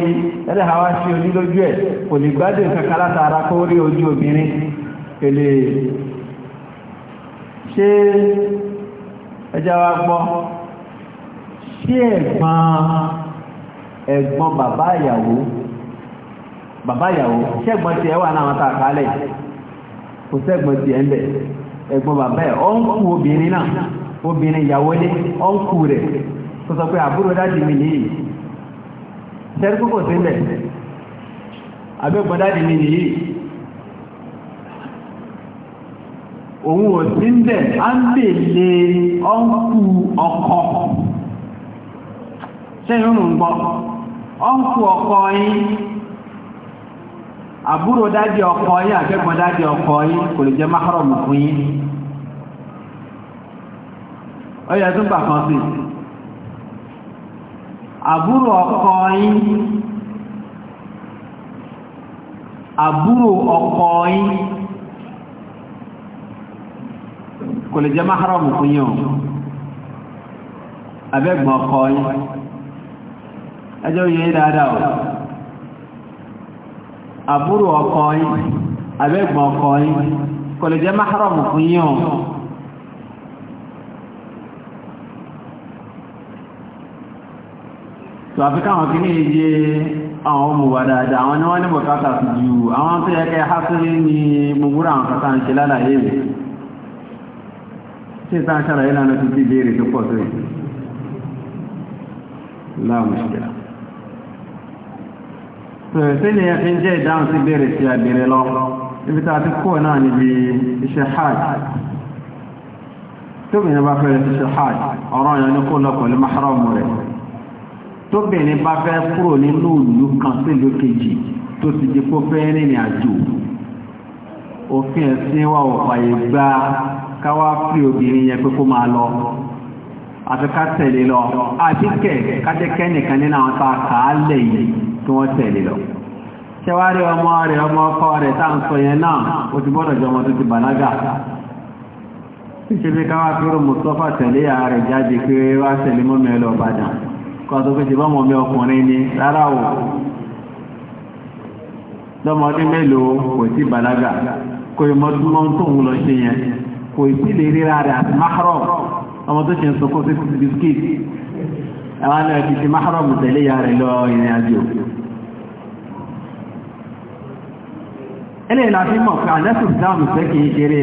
ẹlẹ́ha wá sí onílójú ẹ̀ kò lè látara kó rí ojú obìnrin pèlè ṣe ẹjá gbọ́ ṣé ẹ̀gbọ́n ẹ̀gbọ́n bàbá ìyàwó bàbá ẹ̀gbọ́n náà ta kò sẹ́gbọ́n ń bẹ̀ ẹ̀gbọ́n bàbá ẹ̀ obìnrin náà obìnrin ìyàwó lé ọ́nkù rẹ̀ tó sọ pé àbúrò dáàdì mi nìyí sẹ́rí púpọ̀ sílẹ̀ àbẹ́gbọ́n dáàdì mi nìyí òun ò sí ń bẹ̀ á ń bèèlè ọ́nkù ọkọ sẹ́yìn òun gbọ́ ọkọ yín àbúrò dáàdì ọkọ yín àbẹ́gbọ́n dáàdì ọkọ yín kò lè jẹ́ ọyẹ tó gbà kan sí àbúrò ọkọ yín àbúrò ọkọ yín kò lè jẹ́ máhárọ̀mù fún yín abẹ́gbọ̀n ọkọ yín ẹjọ́ yìí dáadáa o àbúrò ọkọ yín abẹ́gbọ̀n ọkọ yín kò lè fún so àfi káwọn kí ní iye àwọn ọmọwà dáadáa àwọn ni wọ́n ní bọ̀kátà sí ju àwọn tó yẹ kẹ́ há sórí ní gbogbo àwọn kàtà ń ṣe lálàyé rẹ̀ tí ìta ń ṣàlàyé lánà tó ti béèrè tó pọ̀ sí ni ẹ̀fí ń jẹ́ ìdáhùn sí béèrè sí àgbèrè lọ ibi tóbìnrin bá fẹ́ kúrò nínú ìlú kan ìlú kejì tó ti di kó fẹ́ àjò òfin ẹ̀sìn wa ò gba káwá fi obìnrin yẹn pé kó máa lọ àti ká tẹ̀lé lọ àti kẹ̀ kájẹ́kẹ́ nìkan nínú àwọn tá a yìí wọ́n tẹ̀lé lọ ṣẹwárí ọmọ ọmọ ọkọ rẹ̀ tá ń sọ yẹn náà ó ti bọ́dọ̀ jọmọ tó ti káwá rò mùsọ́fà tẹ̀lé ààrẹ jáde pé wá tẹ̀lé kan tó fẹ́ ṣe bọ́mọ̀ mi ọkùnrin ni rárá o lọ́mọdé mélòó kò sí bàlágà kò tóun lọ ṣe yẹn kò sí lè ríra rẹ̀ àti mahram ọmọ tó ṣe ń sọkó sí biskit àwọn ti ti tẹ̀lé ya rẹ̀ lọ ìrìn àjò láti mọ̀ pé àlẹ́sùn kì í ṣeré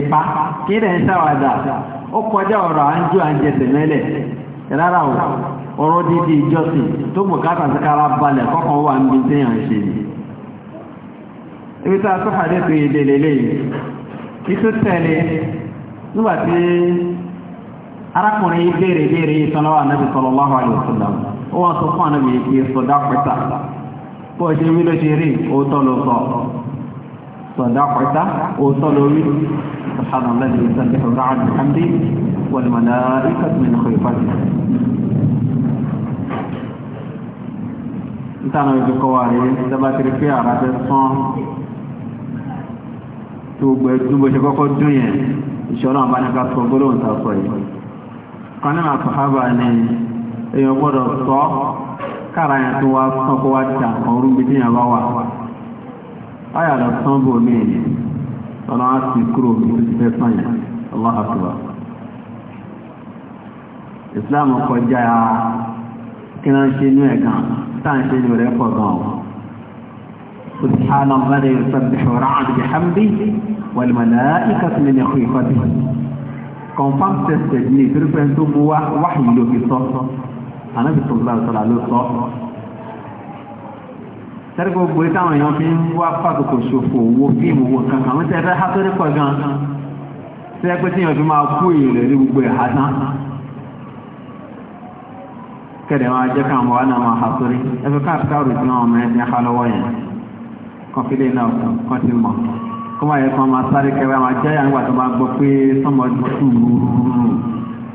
kí ń ó kọjá ọ̀rọ̀ à ń ọ̀rọ̀ dídí ìjọsìn tó bùkátà sí kára balẹ̀ kọ́kọ́ wà ń bí téèyàn ṣe ni ibi tá a tó fàdé tó yé délélé ìtú tẹ̀lé nígbà tí arákùnrin yìí béèrè béèrè yìí tán lọ́wọ́ anábì sallallahu alaihi wasallam ó wọ́n sọ fún anábì yìí kí sọ̀dá pẹ̀tà nítànà ojú kọ́ wà rí dábàtìrí pé àrà fẹ́ sán tó gbẹ dún bó ṣe kọ́kọ́ dún yẹn ìṣọ́nà àbáníká sọ a sọ yìí kan nínú àtọ̀hábà ni èèyàn gbọ́dọ̀ sọ kára yẹn tó wá sán kó wá dà kan orú bí tíyàn bá wà áyà lọ Islam kí ló ń ṣe inú ẹ̀ gan táà ń ṣe inú rẹ̀ pọ̀ gan o. سبحان الله يسبح رعد بحمده والملائكة من خيفته confam tested ní ìfẹ́rẹ́fẹ́ tó mú wá wáyé ló fi sọ anábì tó gbà sọ́la ló sọ tẹ́rẹ́ gbogbo táwọn èèyàn fi ń wá pàtàkì ṣòfò owó fíìmù owó kankan àwọn tẹ́rẹ́ há tó rí pọ̀ gan-an tẹ́rẹ́ pé tí èèyàn fi máa kú èèyàn lórí gbogbo ẹ̀ há tán kẹ̀dẹ̀ wọn ajẹ́ kan wọ́n náà máa hàtórí ẹgbẹ́ káàkiri tí wọ́n mọ̀ ẹ̀dẹ̀ ha lọ́wọ́ yẹn kọfílẹ̀ náà kan ti mọ̀ kó máa yẹ kan máa sáré kẹwàá máa jẹ́ àgbà tó bá gbọ́ pé sọ́mọ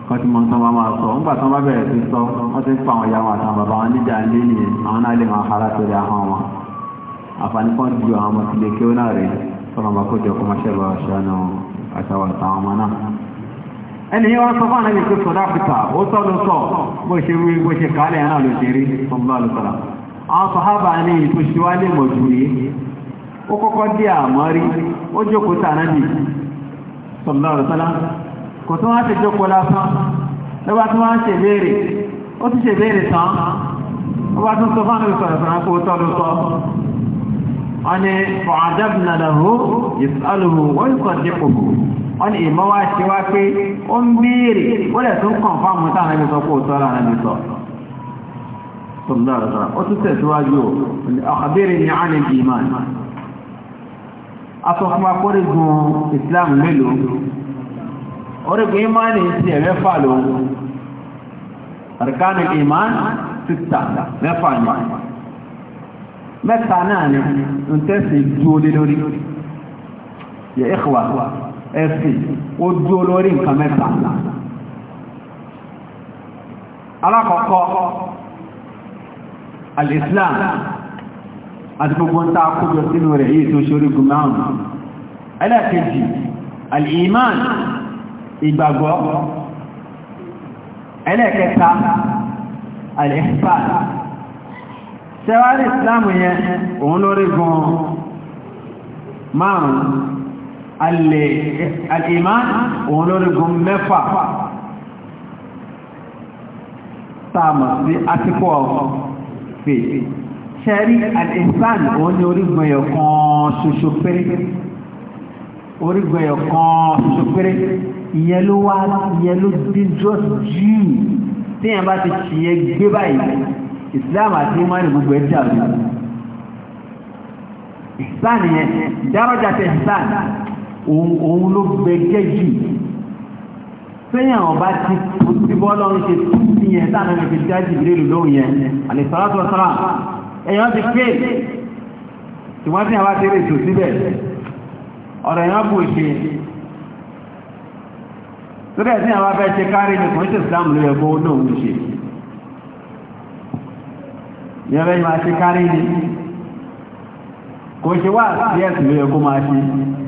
kan ti mọ̀ tán bá máa sọ nígbà tán bá bẹ̀rẹ̀ sí sọ wọ́n ti ń pa àwọn ìyá wọn àtàwọn bàbá wọn níjà lé ní àwọn náà lè máa hara torí ahọ́n wọn àǹfààní ẹni yíwá sọ fún ànábì pé sọdá pípa ó sọ ló sọ bó ṣe wí bó ṣe kàálẹ̀ náà ló ṣe rí sọmọlá ló sọ̀rọ̀ àwọn sọ̀hábà ní ètò ṣíwálé mọ̀jú rí ó kọ́kọ́ dé àmọ́ rí ó jókòó sí ànábì sọmọlá ló sọ̀rọ̀ kò tó wá ṣe jókòó wọ́n ní ìmọ̀ wá ṣe wá pé ó ń bèèrè ó lẹ̀ tún kàn fún àwọn táwọn ẹbí sọ pé òótọ́ ara ẹbí sọ ó tún tẹ̀síwájú ọ̀kàbẹ̀rẹ̀ ní àlẹ́ ìmọ̀ asọ́kùnmá kórè gun Islam mélòó orígun ìmánì ti ẹ̀rẹ́ fà mẹ́fà lórí yẹ ìkọ̀wà ẹ̀sìn ó dúró lórí nǹkan mẹ́ta alákọ̀ọ́kọ́ al'islam àti gbogbo ta kójọ sínú rẹ̀ yìí tó ṣorí gùnmáhùn ẹlẹ́kẹ́jì al'iman ìgbàgbọ́ ẹlẹ́kẹta al'ihsan ṣẹwàá islam yẹn òun lórí gun márùn-ún al'iman òun lórígun mẹ́fà sáàmù sí àtíkọ́ fèé ṣẹ́rí al'insan òun ni orígun ẹ̀kan ṣoṣo péré orígun ẹ̀kan ṣoṣo péré ìyẹn ló wá ìyẹn ló díjọ́ jù tí yẹn bá ti ṣìyẹ gbé báyìí islam àti imani gbogbo ẹ̀ dàrú ìsàn yẹn dárọ́jà tẹ̀ òun ló gbẹgẹ́ jù sẹ́yìn àwọn ti ti bọ́ ṣe tún sí yẹn táwọn ẹni fi jáde ìbílẹ̀ lòlóhùn yẹn àlèsàràtọ̀ sára ẹ̀yàn ti pé ṣùgbọ́n tí àwọn ti rè tò síbẹ̀ ọ̀rọ̀ ẹ̀yàn bò ṣe lórí ẹ̀sìn àwọn abẹ́ kárí ní kò ń ṣe ìsìlámù lórí ẹ̀kọ́ náà ń ṣe ìyẹn bẹ́ẹ̀ máa ṣe kárí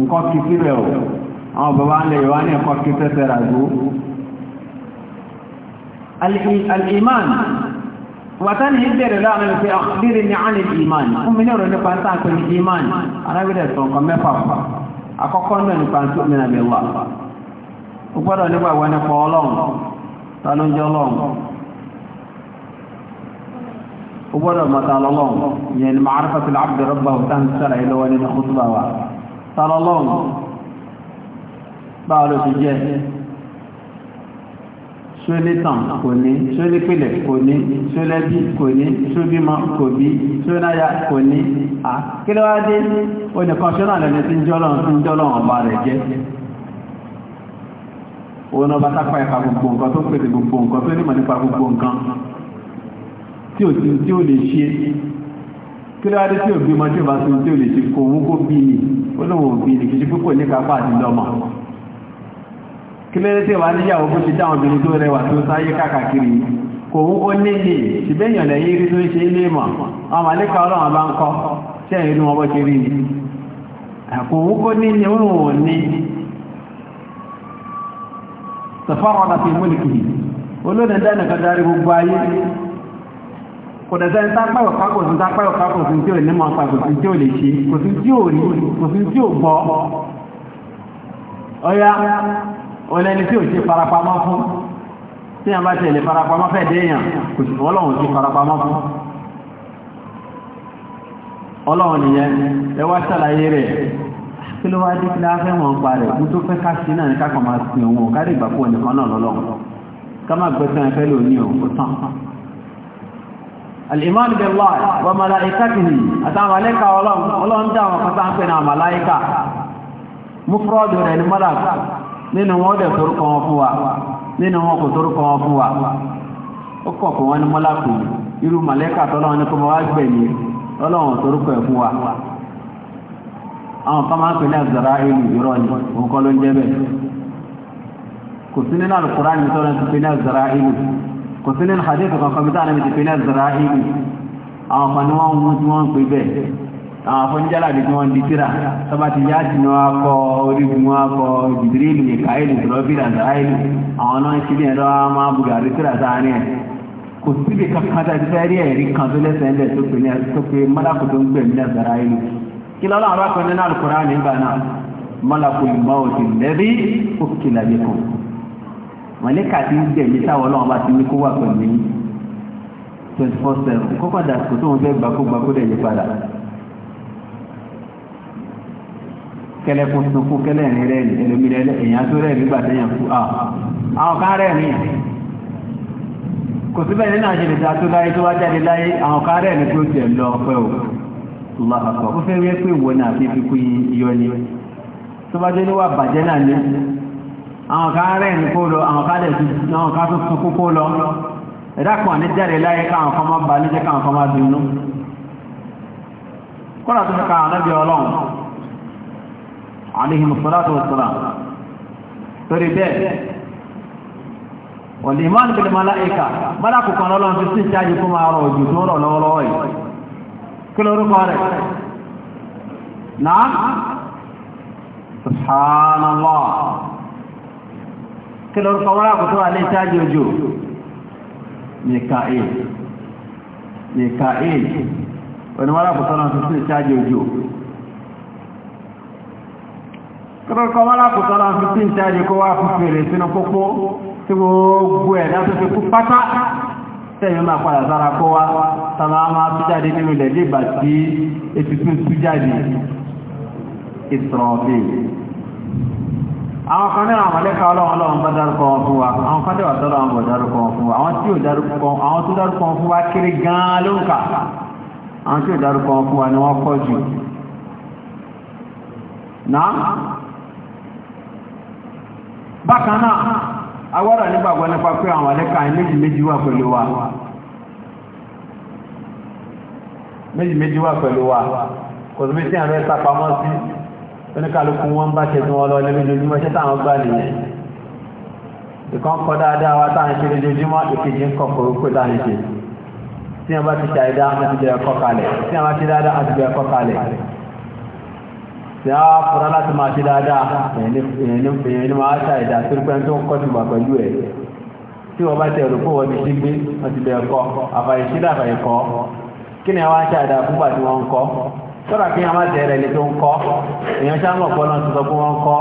nǹkan kí síbẹ̀ o àwọn bàbá ń lè yọ wá ní ẹ̀kọ́ kí tẹ́tẹ́ rà gbó al-iman wàtán yìí bẹ̀rẹ̀ láàrin pé àkílírí ah, ní àní ìmán fún mi ní ọ̀rọ̀ nípa tá àpẹ ní ìmán arábìnrin ẹ̀sùn kan mẹ́fà fà àkọ́kọ́ náà nípa tó mìíràn bẹ̀ wà ó gbọ́dọ̀ nípa ìwọ nípa tààrà lọ́rùn báà ló ti jẹ́ ṣólétàn kò ní ṣólépìlẹ̀ kò ní ṣólẹ́bí kò ní ṣóbímọ kò bí ṣónáyà kò ní à kí ló wá dé onìkan ṣọ́nà lẹ́ni tí ń jọ́lọ́run ọba rẹ̀ jẹ́ òun ọba sápá ẹ̀ka gbogbo nǹkan tó pèsè gbogbo nǹkan tó nímọ̀ nípa gbogbo nǹkan tí ò tí ò lè ṣe kí ló wá dé tí ò bímọ tí ò bá tún tí ò lè ṣe kò òun kó bí i onu òbí lè kìí púpọ̀ ní kápá àti lọ́mọ kí lẹ́rẹ́ tí wà níyàwó bó ṣe dáwọn obìnrin tó rẹwà tó sáyé káàkiri kò ń ó nílé ṣìbẹ́yàn lẹ́yìn rí tó ń ṣe ilé mọ̀ àwọn àlékà ọlọ́run bá ń kọ́ kò dẹ̀sẹ̀ ń sápẹ́wọ̀ pápò sí sápẹ́wọ̀ pápò sí tí ò ní mọ́ pápò sí tí ò lè ṣe kò sí tí ò rí kò sí tí ò gbọ́ ọ̀yá olẹ́ni tí ò ṣe farapamọ́ fún tí wọ́n bá ṣe lè farapamọ́ fẹ́ déèyàn kò sì ọlọ́run ṣe farapamọ́ fún ọlọ́run nìyẹn ẹ wá ṣàlàyé rẹ̀ kí ló wá dé kí láfẹ́ wọn pa rẹ̀ mú tó fẹ́ ká sí náà ní kákan máa sin òun ò ká lè gbà pọ̀ nìkan náà lọ́lọ́run ká má gbẹ́sẹ̀ fẹ́ lónìí ò tán الإيمان بالله وملائكته أتى ملائكة ولهم ولهم دعوة ملائكة مفرد wa nínú wọn kò torúkọ wa ó kọ̀kọ̀ wọn ní mọ́lákùn irú màlẹ́kà tọ́lọ́wọ́n ní kó ma wá gbẹ̀mí ọlọ́wọ́n torúkọ ẹ̀ fún wa àwọn kò sí nínú hadith kankan bí táwọn ti pínlẹ̀ zarahibi àwọn kan ní wọ́n mú tí wọ́n pè bẹ́ẹ̀ àwọn afọ́njálà bí tí wọ́n di tíra tọ́ba ti yá ti ní wọ́n kọ orígun wọn kọ jìbìrìlì ìkàìlì tọ́lọ́bìlà zarahibi àwọn náà ń ṣílẹ̀ lọ́wọ́ máa bùgàrí tíra sáárín ẹ̀ kò fẹ́ rí ẹ̀rí kan tó lẹ́sẹ̀ ńlẹ̀ tó pè ní tó pé tó ń gbẹ̀mí lẹ́ zarahibi kí lọ́lọ́ àwọn akọni náà al nígbà náà mọ́lákù ìmọ̀ òsì lẹ́bí ó kìlà lẹ́kọ̀ọ́ mọ̀lẹ́kà ti ń jẹ̀mí táwọn ọlọ́run bá ti ní kó wà pẹ̀lú yín twenty four seven kó padà kó tóun fẹ́ gbàkógbà kó dẹ̀ yí padà. kẹlẹ kó sunkún kẹlẹ ní rẹ ní ẹlòmíràn ẹlẹ èèyàn tó rẹ nígbà tẹyàn kú à ah, àwọn kan rẹ ní kò síbẹ̀ nínú àṣẹlẹ̀dá tó láyé tó wá jáde láyé àwọn kan rẹ ní tó tẹ̀ lọ pẹ́ o lọ́kàkọ́ ó fẹ́ wípé wọ́n náà fi fi kú yọ ni tó bá dé ní wà bàjẹ́ náà ní àwọn ká rẹ̀rin kó lọ àwọn ká dẹ̀ àwọn ká tó sunkú kó lọ ẹ̀dàkùn àní jáde láyé káwọn kan máa bà ní jẹ́ káwọn kan máa bínú kọ́nà tó fẹ́ka ànábì ọlọ́run àlehìmù sọ́látò sọ́lá torí bẹ́ẹ̀ wọ̀lẹ̀ ìmọ̀ kí ló rúkọ wọ́rà kò tó wà lè ṣáájú òjò mikael mikael oníwọ́rà kò tó náà tó lè ṣáájú òjò kí ló rúkọ wọ́rà kò tó náà tó lè ṣáájú kó wá fún fèrè sínú pópó tí gbogbo ẹ̀dá tó fi kú pátá tẹ́yìn máa padà sára kó wá tàbí a máa tó jáde nínú ilẹ̀ dé ìgbà tí ètùtù àwọn kan náà àwọn lẹ́ka ọlọ́run ọlọ́run bá dárúkọ wọn fún wa àwọn kan dẹ̀wà tọ́lọ́ àwọn dárúkọ wọn wa àwọn tí ò dárúkọ wọn fún wa kéré gan-an ló tí dárúkọ wọn wa ni wọ́n pọ̀ jù náà bákan náà awọ́rọ̀ nígbàgbọ́ nípa pé àwọn lẹ́ka méjì wa wa kò oníkàlùkù wọn bá ṣẹ̀tún wọn lọ lójoojúmọ́ ṣe táwọn gbà nìyẹn ìkan kọ dáadáa wá táwọn ṣe lójoojúmọ́ ìkejì ń kọ kòrókò táwọn ṣe tí wọn bá ti ṣàìdá àti bẹ̀rẹ̀ kọ kalẹ̀ tí wọn bá ti dáadáa àti tí wọn fura láti máa ṣe dáadáa èèyàn ni máa ṣàìdá tó pẹ́ tó ń kọ́ ti wà pẹ̀lú ẹ̀ tí wọn bá ti ẹ̀rù pé wọn ti gbé wọn ti bẹ̀rẹ̀ kọ àfàyèkọ́ kí ni wọn ṣàìdá fúgbà tí wọn ń kọ́ sọ́dọ̀ kí a má tẹ̀rẹ̀ lè tó ń kọ́ èèyàn ṣá mọ̀ pọ́lọ́ ti sọ pé wọ́n kọ́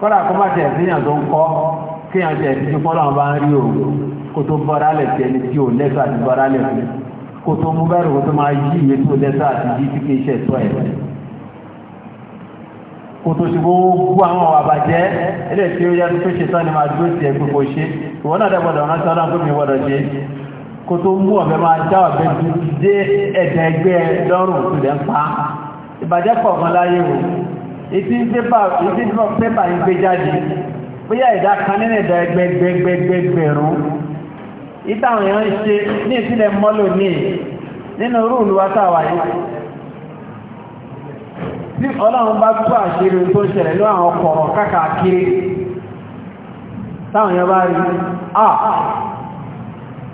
kọ́dà kó má tẹ̀rẹ̀ síyàn tó ń kọ́ kí èèyàn tẹ̀rẹ̀ sí ju pọ́lọ́ bá ń rí òòrùn kó tó bọ́ra lẹ̀ sí ẹni tí ò lẹ́sọ̀ àti bọ́ra lẹ̀ fún kó tó mú bẹ́rù kó tó máa yí ìwé tó lẹ́sọ̀ àti yí tí kì í ṣe tọ́ ẹ̀ kòtò tí gbogbo àwọn àbàjẹ́ ilé ó yá tó ṣe tán máa dúró ti ẹgbẹ́ kò ṣe ìwọ́n náà dẹ́gbọ́dọ̀ rántí ọlọ́run mi wọ́dọ̀ ṣe kò tó mú ọ̀fẹ́ máa já ọ̀fẹ́ ju dé ẹ̀dẹ̀ ẹgbẹ́ lọ́rùn ìpìlẹ̀ ń pa ìbàjẹ́ kọ̀ọ̀kan láyé o ìtí pépà ń gbé jáde bóyá ìdá kan nínú ìdá ẹgbẹgbẹgbẹgbẹrún ìtàwọn èèyàn ń ṣe ní ìpínlẹ̀ mọ́lò ní nínú rúùlù wátàwà yìí tí ọlọ́run bá tó àṣírí tó ṣẹlẹ̀ ló àwọn ọkọ̀ kàkàkiri táwọn èèyàn bá rí ah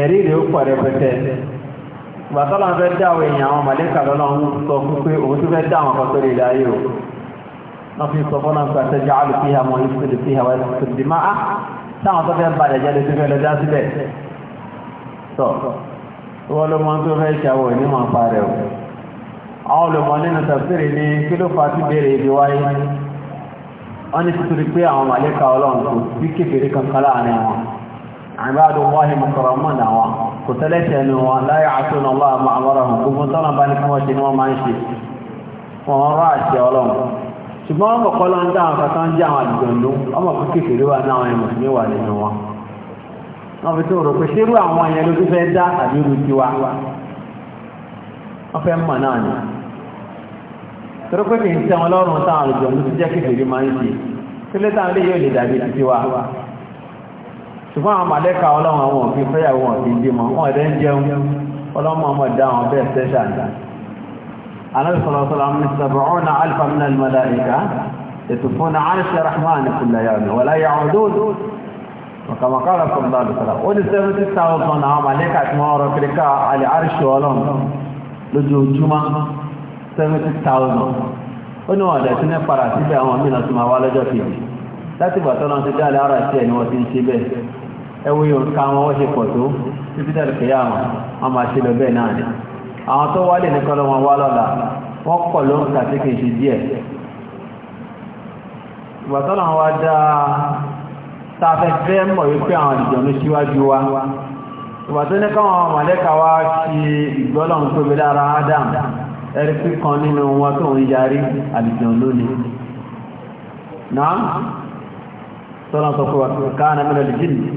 ẹ̀rí rẹ̀ ó pọ̀ rẹpẹtẹ gbàtọ́lá fẹ́ dá àwọn èèyàn àwọn màlẹ́kà lọ́lọ́ ń sọ fún pé òun tó fẹ́ dá àwọn kan sórí ilẹ̀ ayé o wọ́n fi sọ fọ́nà nípa ṣẹ́jà àlùfí àmọ́ ìṣòdì fi àwọn ìṣòdì dì máa táwọn tó fẹ́ balẹ̀ jáde tó fẹ́ lọ dá síbẹ̀ tọ́ wọ́n ló mọ tó fẹ́ ṣàwọ̀ ní wọn pa rẹ̀ o àwọn olùmọ nínú tafsiri ní kí ló fa sí béèrè ibi wáyé wọ́n ní títorí pé àwọn màlẹ́kà ọlọ́run kò sí kékeré kankan láàárín wọn عباد الله مكرمون قتلت أنه لا يعصون الله ما أمرهم كفتنا بانك وشن وما يشي ومن رأس يا ولهم ṣùgbọ́n ọmọ kọ́lá ń dáhùn kàtà ń jẹ́ àwọn àdìgbòndó ọmọ kò kékeré wà ní àwọn ẹ̀mọ̀ níwà nínú wọn wọ́n fi tó rò pé ṣerú àwọn ẹ̀yẹ ló fẹ́ dá àbí irú tiwa wọ́n fẹ́ mọ̀ náà ni torí pé kì í tẹ́ lọ́rùn táwọn àdìgbòndó ti jẹ́ kékeré máa ń ṣe kí lẹ́tà ń lé yóò lè dàbí tiwa ṣùgbọ́n àwọn màlẹ́kà ọlọ́run àwọn òfin fẹ́yàwó wọn fi dí mọ́ wọn ẹ̀rẹ́ ń jẹun ọlọ́run ọmọ ìdá àwọn bẹ́ẹ̀ sẹ́ṣà ní anábì sọlọ́sọlọ́ ní sàbọ̀ọ́nà alfa minal malaika ètò fún ní àṣẹ rahman kùlẹ̀yà ní wọ́lá yà wọn dóòdó makamakala sọlọ́ àdùsọlá ó ní seventy thousand àwọn màlẹ́kà tí wọ́n rọ kiri ká àlẹ́ àríṣì ọlọ́run lójoojúmọ́ seventy ní wọn dẹ̀tí àwọn mìíràn tó máa wá lọ́jọ́ kejì láti bàtọ́ ti dá àlẹ́ àrà ni wọ́n ti ń ṣe bẹ́ẹ̀ ẹwú yorùká wọn wọ́n ṣe pọ̀ tó jupiter kìyà wọn wọn máa ṣe lọ bẹ́ẹ̀ náà ni àwọn tó wálé ní kọ́lọ́ wọn wá lọ́la wọ́n pọ̀ ló ń tàbí kì í ṣe díẹ̀ ìgbà tó náà wá dá tá a fẹ́ fẹ́ mọ̀ wípé àwọn àdìjọ́nú síwájú wa ìgbà káwọn màlẹ́kà wá ṣe ìgbọ́lọ̀ ń tóbi lára Adam ẹ̀rí píkan náà mẹ́rin lè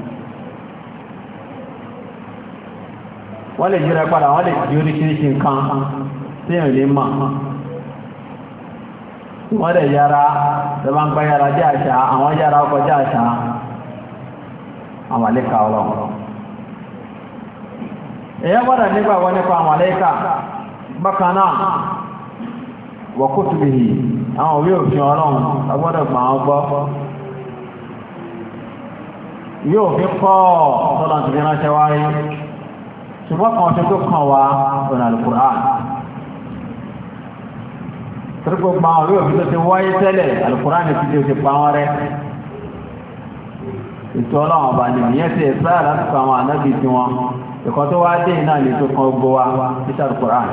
wọ́n lè yíra padà wọ́n lè jí oríṣiríṣi nǹkan tí èèyàn lè mọ̀ wọ́n lè yára tẹ́bá ń pa yára jẹ́ àṣà àwọn yára ọkọ̀ jẹ́ àṣà àwọn àlékà ọlọ́run èèyàn gbọ́dọ̀ nígbàgbọ́ nípa àwọn àlékà bákan náà wọ̀kútùbìhì àwọn òwe òfin ọlọ́run agbọ́dọ̀ gbà wọ́n gbọ́ yóò fi kọ́ ọ̀tọ́lọ́ntìfẹ́ránṣẹ́ wáyé ṣùgbọ́n kan ṣe tó kàn wá ọ̀nà alukur'an torípò pa àwọn olóòfin tó ti wáyé tẹ́lẹ̀ alukur'an ti di oṣù pa wọn rẹ ètò ọlọ́run ọba ni ìyẹn ti ẹ̀sá láti pa àwọn ànábì tí wọn ìkan tó wá dé náà lè tó kan gbogbo wa títà alukur'an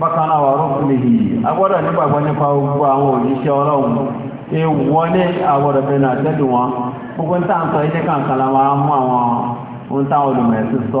bákan náà wà rúkú lè yìí agbọ́dọ̀ nígbàgbọ́ nípa gbogbo àwọn òjíṣẹ́ ọlọ́run èèwọ̀ ní àwọn ọ̀dọ̀bìnrin náà tẹ́lẹ̀ wọn gbogbo ń tà ilé kankan la máa mú àwọn ohun táwọn olùmọ̀ ẹ̀sìn sọ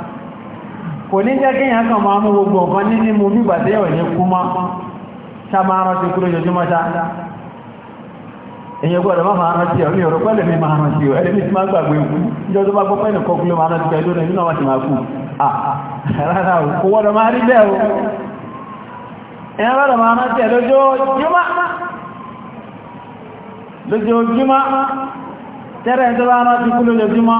kò ní jẹ́ kí yàn kan máa mú gbogbo nǹkan ní ní mú bí bàtẹ́ ò ní kú mọ́ ṣá máa rántí kúrò jọjúmọ́ ṣá èyàn gbọ́dọ̀ má máa rántí ọ̀rí ọ̀rọ̀ pẹ́lẹ̀ mi máa rántí ọ̀ ẹlẹ́mí ti máa gbàgbé ikú níjọ́ tó bá gbọ́ pẹ́lẹ̀ kọkú ló máa rántí pẹ̀lú rẹ̀ nínú àwọn ti máa kú rárá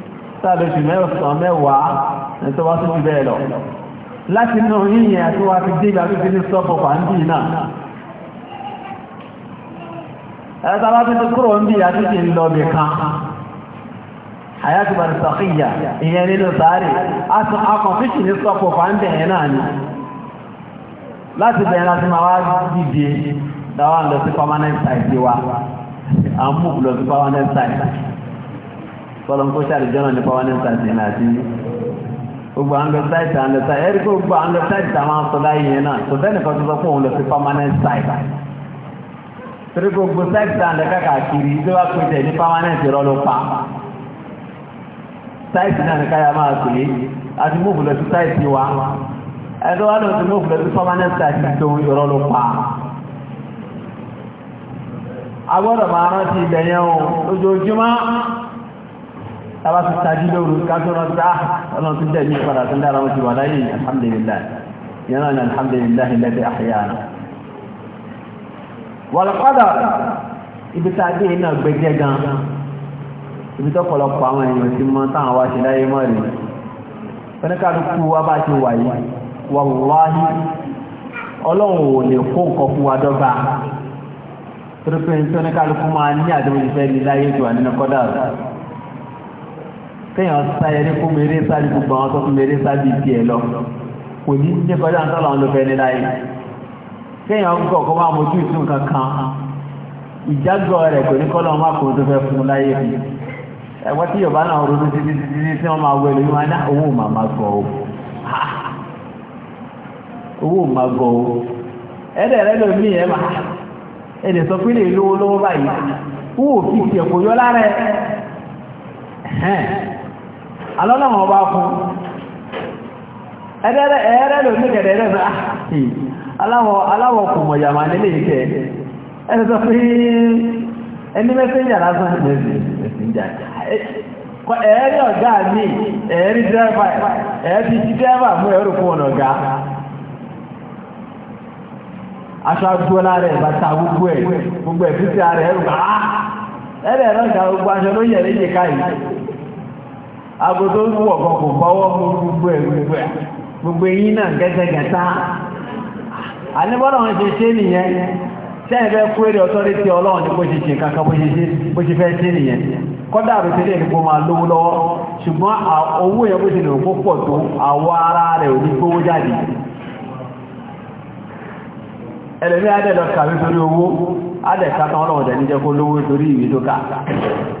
sáàbẹ̀ jù mẹ́sàn mẹ́wàá ẹ̀tọ́ wá tún bẹ́ẹ̀ lọ láti inú yíyìn àti wá fi dìgbà tó fi ní sọ́pọ̀ pàndì náà ẹ̀ta bá tún kúrò ń bí àti kí n lọ bẹ̀ kan àyàtùbà ìsàkíyà ìyẹn nínú sáré akọ̀fíṣì ní sọ́pọ̀ pàndì náà ni láti bẹ̀rẹ̀ láti máa wá dìde dáwọn lọ sí permanent site wa àmúkù lọ sí permanent site kọlọm kó sáré jọ́nà ní pọ́wọ́ ní sàtì láti gbogbo underside underside ẹ̀rí kó gbogbo underside tá a máa sọ láyé yẹn náà kò sẹ́ni kan tó sọ fún òun lọ sí permanent site torí gbogbo site tá a lọ káàkiri tó wá pété ní permanent rọ ló pa site náà ní káyà máa pè é àti múùfù lọ sí site wa ẹ̀dọ́ wa lọ sí múùfù lọ sí permanent site tó ń rọ ló pa agbọ́dọ̀ máa rántí ibẹ̀ yẹn o ojoojúmọ́ tàbá ti tají lóru kásọ̀rọ̀ tá ah, ọlọ́run tó dẹ̀ ní padà tó dára wọ́n ti wà láyé alhamdulillah yẹn náà alhamdulillah lẹ́bẹ̀ẹ́ àyàrá wàlọ́kọ́dà ibi tá a dé iná gbẹjẹ gan ibi tó pọ̀lọpọ̀ àwọn èèyàn ti mọ táwọn wá ṣe láyé mọ́ rèé fẹ́nẹ́kàlùkù wa bá ti wà yìí wàlúwáhí ọlọ́run ò lè kó nǹkan fún wa dọ́gba torí ní tó máa ní àdéhùn ìfẹ́ ní láyé jù wà rẹ̀ kéèyàn sá ẹni kó mèrè sáàdì gbogbo àwọn tó kún mèrè sáàdì tí ẹ lọ kò ní jẹ́ kọjá ń sọ́lọ àwọn olùfẹ́ ní láyé kéèyàn ń kọ̀ọ̀kọ́ máa mojú ìsún kankan ìjágbọ́ rẹ̀ kò ní kọ́lọ̀ máa kò tó fẹ́ fún láyé fi ẹgbẹ́ tí Yorùbá náà ronú títí títí tí wọ́n máa wọ ẹlòmí wọn ní ah, owó màmá gọ̀ o owó màmá gọ̀ o ẹ̀dẹ̀ rẹ̀ lómi ẹ̀ máa ẹ̀dẹ̀ sọ pé lè lówó lówó báyìí owó òfin ìṣẹ̀kọ̀ yọ lára ẹ̀ alọ́lọ́wọ́ bá fún ẹ̀rẹ́ lò ní kẹ̀rẹ̀ rẹ̀ náà aláwọ̀ kò mọ̀ yàmà nílé ìkẹ́ ẹni sọ pé ẹni mẹ́sẹ̀njà lásán ẹ̀ẹ́rí ọ̀gá mi ẹ̀ẹ́rí dẹ́rẹ́bà ẹ̀ẹ́rí jí dẹ́rẹ́bà mú ẹ̀rù fún ọ̀nà ọ̀gá aṣọ agbóla rẹ̀ bàtà gbogbo ẹ̀ gbogbo ẹ̀fíṣẹ́ rẹ̀ ẹ̀rù aago tó ń wọ̀ kan fọwọ́ mú gbogbo ẹ̀ gbogbo ẹ̀ gbogbo eyín náà gẹ́gẹ́gẹ́ta àníbọ́lá ṣe ṣe nìyẹn sẹ́yìn fẹ́ kú ọ̀tọ́rítì ọlọ́run ní kankan ṣe nìyẹn kọ́dà lówó lọ́wọ́ ṣùgbọ́n owó yẹn pọ̀ tó ara rẹ̀ ò ní gbówó jáde owó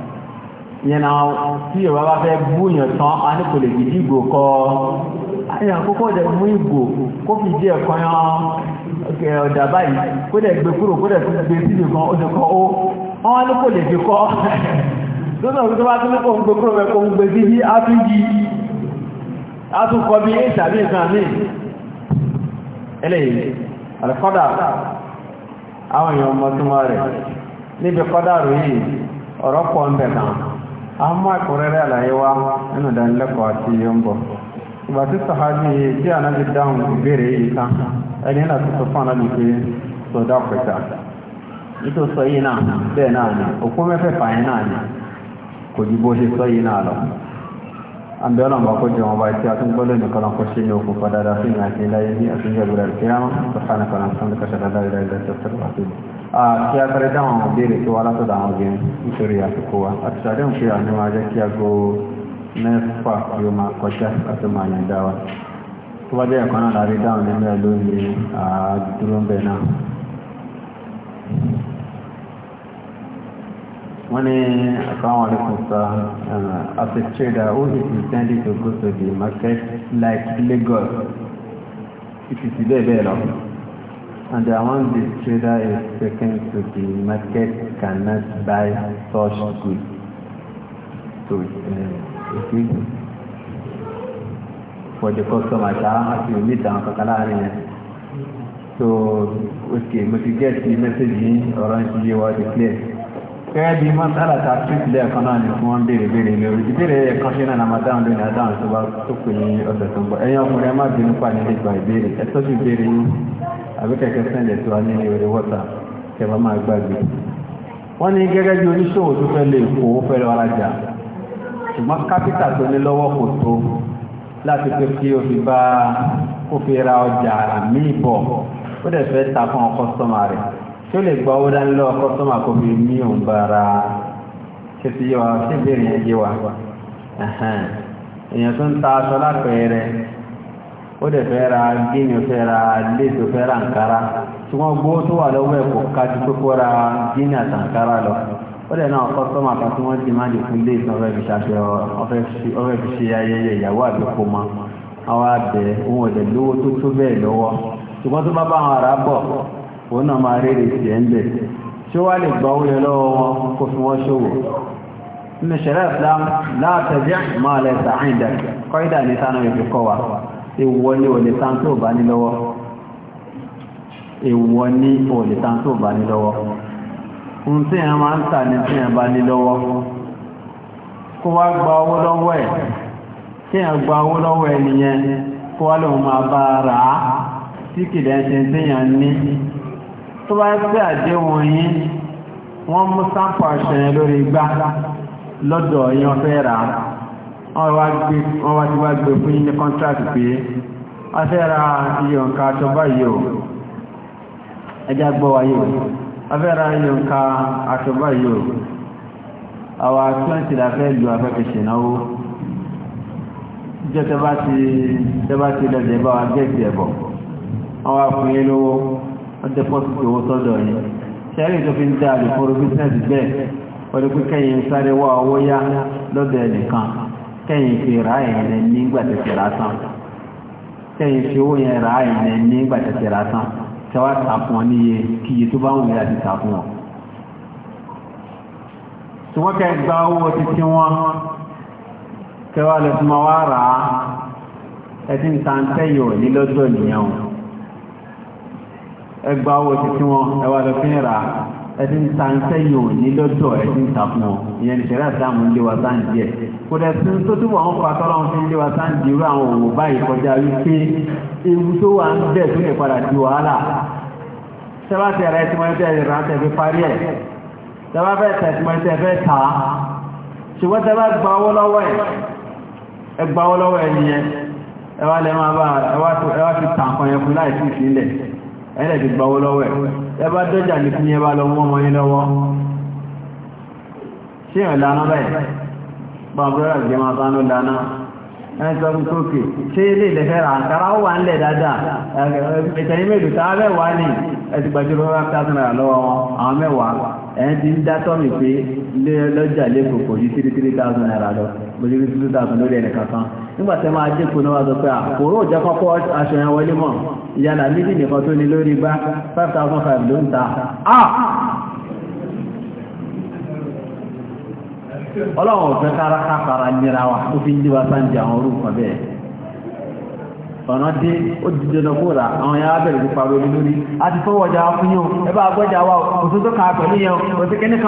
yẹn náà tí yorùbá bá fẹ́ búyàn tán a ní kò lè gidi ìgò kọ́ àyàn kókó dẹ̀ mú ìgò kó fi díẹ̀ kan yan ọ̀dà báyìí kó dẹ̀ gbé kúrò kó dẹ̀ gbé síbi kan ó ti kọ́ ó wọ́n ní kò lè fi kọ́ tó bá tún kò ń gbé kúrò ń gbé sí bí a tún yí a tún kọ́ bí nǹkan eléyìí àlùkọ́dà àwọn èèyàn ọmọ rẹ̀ níbi kọ́dà yìí ọ̀rọ̀ pọ̀ ń bẹ̀ a mú àkùrẹ́rẹ́ àlàyé wá nínú ìdánilẹ́kọ̀ọ́ àti iye ń bọ̀ ìgbà tí sàhábì tí ànábì dáhùn ìbéèrè yìí tán ẹni náà tuntun fún ànábì pé sọdá pẹ̀tà nítorí sọ yìí náà bẹ́ẹ̀ náà ni òpó mẹ́fẹ̀ẹ̀fà yẹn náà ni kò ju bó ṣe sọ yìí náà lọ àbí ọ̀nà àbákọ́ jẹ wọn báyìí tí a tún gbọ́dọ̀ nìkan lọ́kọ́ sí ní okùnfà dáadáa fún ìrìn àti iláyé ní àtúnjẹ ìgbàlá ìfẹ́ àwọn sọ̀tàn kan àti sọ̀tàn kàṣà dáadáa ìlà ìlà ìtọ́sọ̀rọ̀ àti ìlú. kí a kẹrẹ dáwọn béèrè tó wá látọ̀dọ̀ àwọn obìnrin nítorí àsìkò wa àti sàdéhùn pé àmì máa jẹ́ kí aago mẹ́fà yóò máa kọjá àti máa yàn dá wa. tó bá jẹ́ ẹ̀kọ́ náà láti dáhùn nínú ẹ̀ lónìí àdúró ń bẹ̀ náà When uh, someone is uh, as a trader who is intending to go to the market like Lagos, it is very very long. And the amount the trader is taken to the market cannot buy such goods. So uh, it is for the customer, you meet them, so okay, but you get the message in, or you are the place. gẹ́gẹ́ bí mọ́sálà ta fífìlẹ̀ ẹ̀kan náà ni fún wọn béèrè béèrè ilé orí ìbéèrè ẹ̀kan ṣe náà nàmà dáhùn lónìí àdáhùn tó bá tó pè ní ọ̀sẹ̀ tó ń bọ̀ ẹ̀yin ọkùnrin ẹ má bínú pa nílé gba ìbéèrè ẹ tọ́jú ìbéèrè yín àbí kẹ̀kẹ́ sẹ́ńdẹ̀ tó wà nílé orí wọ́tà kẹfà máa gbàgbé. wọ́n ní gẹ́gẹ́ bí oníṣòwò tó fẹ́ lè kó fẹ́ lọ rajà ṣùgbọ́n kápítà tó ní lọ́wọ́ kò o fi bá kó fi ó lè gba owó dání lọ́wọ́ kọ́sọ́mà kó fi ní òun bára ṣe ti yé wa ṣé yẹn yé wa èèyàn tó ń ta aṣọ lápẹẹrẹ ó dẹ̀ fẹ́ ra gíní fẹ́ ra léèdó fẹ́ ra tí wọ́n gbó tó wà lọ́wọ́ ẹ̀ kò tó kó ra gíní lọ ó dẹ̀ náà tí wọ́n ti máa ọ̀fẹ́ fi ọ̀fẹ́ fi ṣe ayẹyẹ ìyàwó mọ́ àwọn lówó tó tó bẹ́ẹ̀ lọ́wọ́ ṣùgbọ́n tó bá bá àwọn ará bọ̀ wọ́n náà máa rèrè sí ẹ̀ tí ó wá lè gba lọ́wọ́ wọn fi wọ́n ṣòwò nínú ṣẹ̀rẹ́ islam látẹ̀jẹ́ máa lẹ sàáìdà kọ́ídà ní sánà ìfi kọ́ wa ni tán tó bá ní lọ́wọ́ ohun tí ẹ̀ máa ń tà ní tí ẹ̀ bá ní lọ́wọ́ kó wá gba owó lọ́wọ́ ẹ̀ kí ẹ̀ gba owó lọ́wọ́ ẹ̀ nìyẹn kó tó bá pé àdéhùn yín wọ́n mú sáǹpù àṣẹ yẹn lórí igbá lọ́dọ̀ yẹn fẹ́ rà wọ́n wá ti wá gbé fún yín ní kọ́ńtrákì pé wọ́n fẹ́ ra iye nǹkan aṣọ báyìí o ẹjá gbọ́ wáyé o a fẹ́ ra iye nǹkan aṣọ báyìí o àwa twenty la fẹ́ lu afẹ́fẹ́ ṣènáwó jẹ́ tẹ́ bá ti lọ́dẹ̀ bá wa gẹ̀ẹ́sì ẹ̀bọ̀ wọ́n wá fún yín lówó wọ́n tẹ́ pọ́sìtì owó sọ́dọ̀ yìí ṣẹ́rí tó fi ń dá àlùfòrò bísínẹ́sì bẹ́ẹ̀ wọ́n pẹ́ kẹ́yìn sáré wá owó yá lọ́dọ̀ ẹnìkan kẹ́yìn fi rà ẹ̀yìn nígbà tẹ̀tẹ̀ rà tán kẹ́yìn fi owó yẹn rà ẹ̀yìn nígbà tẹ̀tẹ̀ rà tán tẹ́wàá tàkùn ọ níye kíyè tó bá wù yá ti tàkùn ọ tí wọ́n kẹ́ gba owó títí wọn kẹwàá lè fún wa rà á ẹgbà owó títí wọn ẹwà lọ fi ń ra ẹtí ń ta ńṣẹ́ yìí ò ní lọ́dọ̀ ẹtí ń ta fún ọ ìyẹn ní sẹ́rẹ́ àdáàmú ń lé wa sáǹdì ẹ̀ kò dẹ̀ tún tó túbọ̀ ń fa tọ́lọ́ fi ń lé wa sáǹdì irú àwọn òwò báyìí kọjá wípé ewu tó wà ń bẹ̀ tó lè padà di wàhálà sẹ́wà tẹ̀rẹ̀ tí wọ́n tẹ̀ rántẹ̀ fi parí ẹ̀ sẹ́wà fẹ́ tẹ̀ tí wọ́n tẹ̀ fẹ́ ta ṣùgbọ́n tẹ́ gba owó lọ́wọ́ ẹ gba owó lọ́wọ́ ẹ̀ nìyẹn ẹ wá lẹ́ ẹ̀rẹ̀ ti gbọ́wọ́ lọ́wọ́ ẹ̀ ẹbá dọ́jà ní kí ní ẹbá lọ mọ́ mọ́yí lọ́wọ́ ṣí ẹ̀ lánà bẹ́ẹ̀ pàbúrẹ́ ìgbẹ̀mọ̀ sánú lánà ẹni kókè ṣé ilé ìlẹ́fẹ́ rà àkàrà ó wà nílẹ̀ dáadáa ìtẹ̀yìn mélòó tá a ní ẹ̀sìgbàjúrò rẹ̀ ẹ̀yìn ti ń dá tọ́mì pé lọ́jà lẹ́kọ̀ọ́ kò ju three three thousand naira lọ kò ju three thousand lórí ẹnì kankan nígbà tí a máa dínkù náà wá sọ pé àkóró òjá kọ́kọ́ aṣọ yẹn wọlé mọ̀ ìyànà méjì nìkan tó ní lórí gbá five thousand five ló ń ta ọlọ́run ọ̀fẹ́ kárakára nira wa ó fi ń dí wa sáǹdì àwọn orúkọ bẹ́ẹ̀. ọ̀nà dé ó kóòrà àwọn ya ti pàrọ̀ a ti fún yàn ẹbá agbọ́jà wà pẹ̀lú òtú náà fún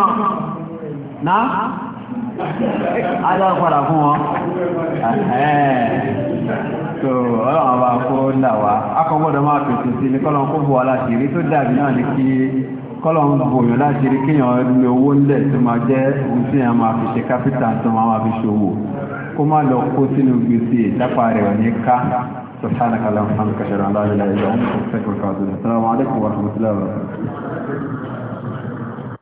wọn so bá kó wa máa pèsè sí ní kọ́lọ̀ kó bọ̀ tó dàbí náà ní kí kọ́lọ̀ ń bòyàn láti rí kíyàn owó ńlẹ̀ tó máa jẹ́ ohun tí máa fi ṣe kápítà tó máa fi ṣòwò kó má lọ kó sínú سبحانك اللهم وبحمدك اشهد ان لا اله الا انت استغفرك واتوب السلام عليكم ورحمه الله وبركاته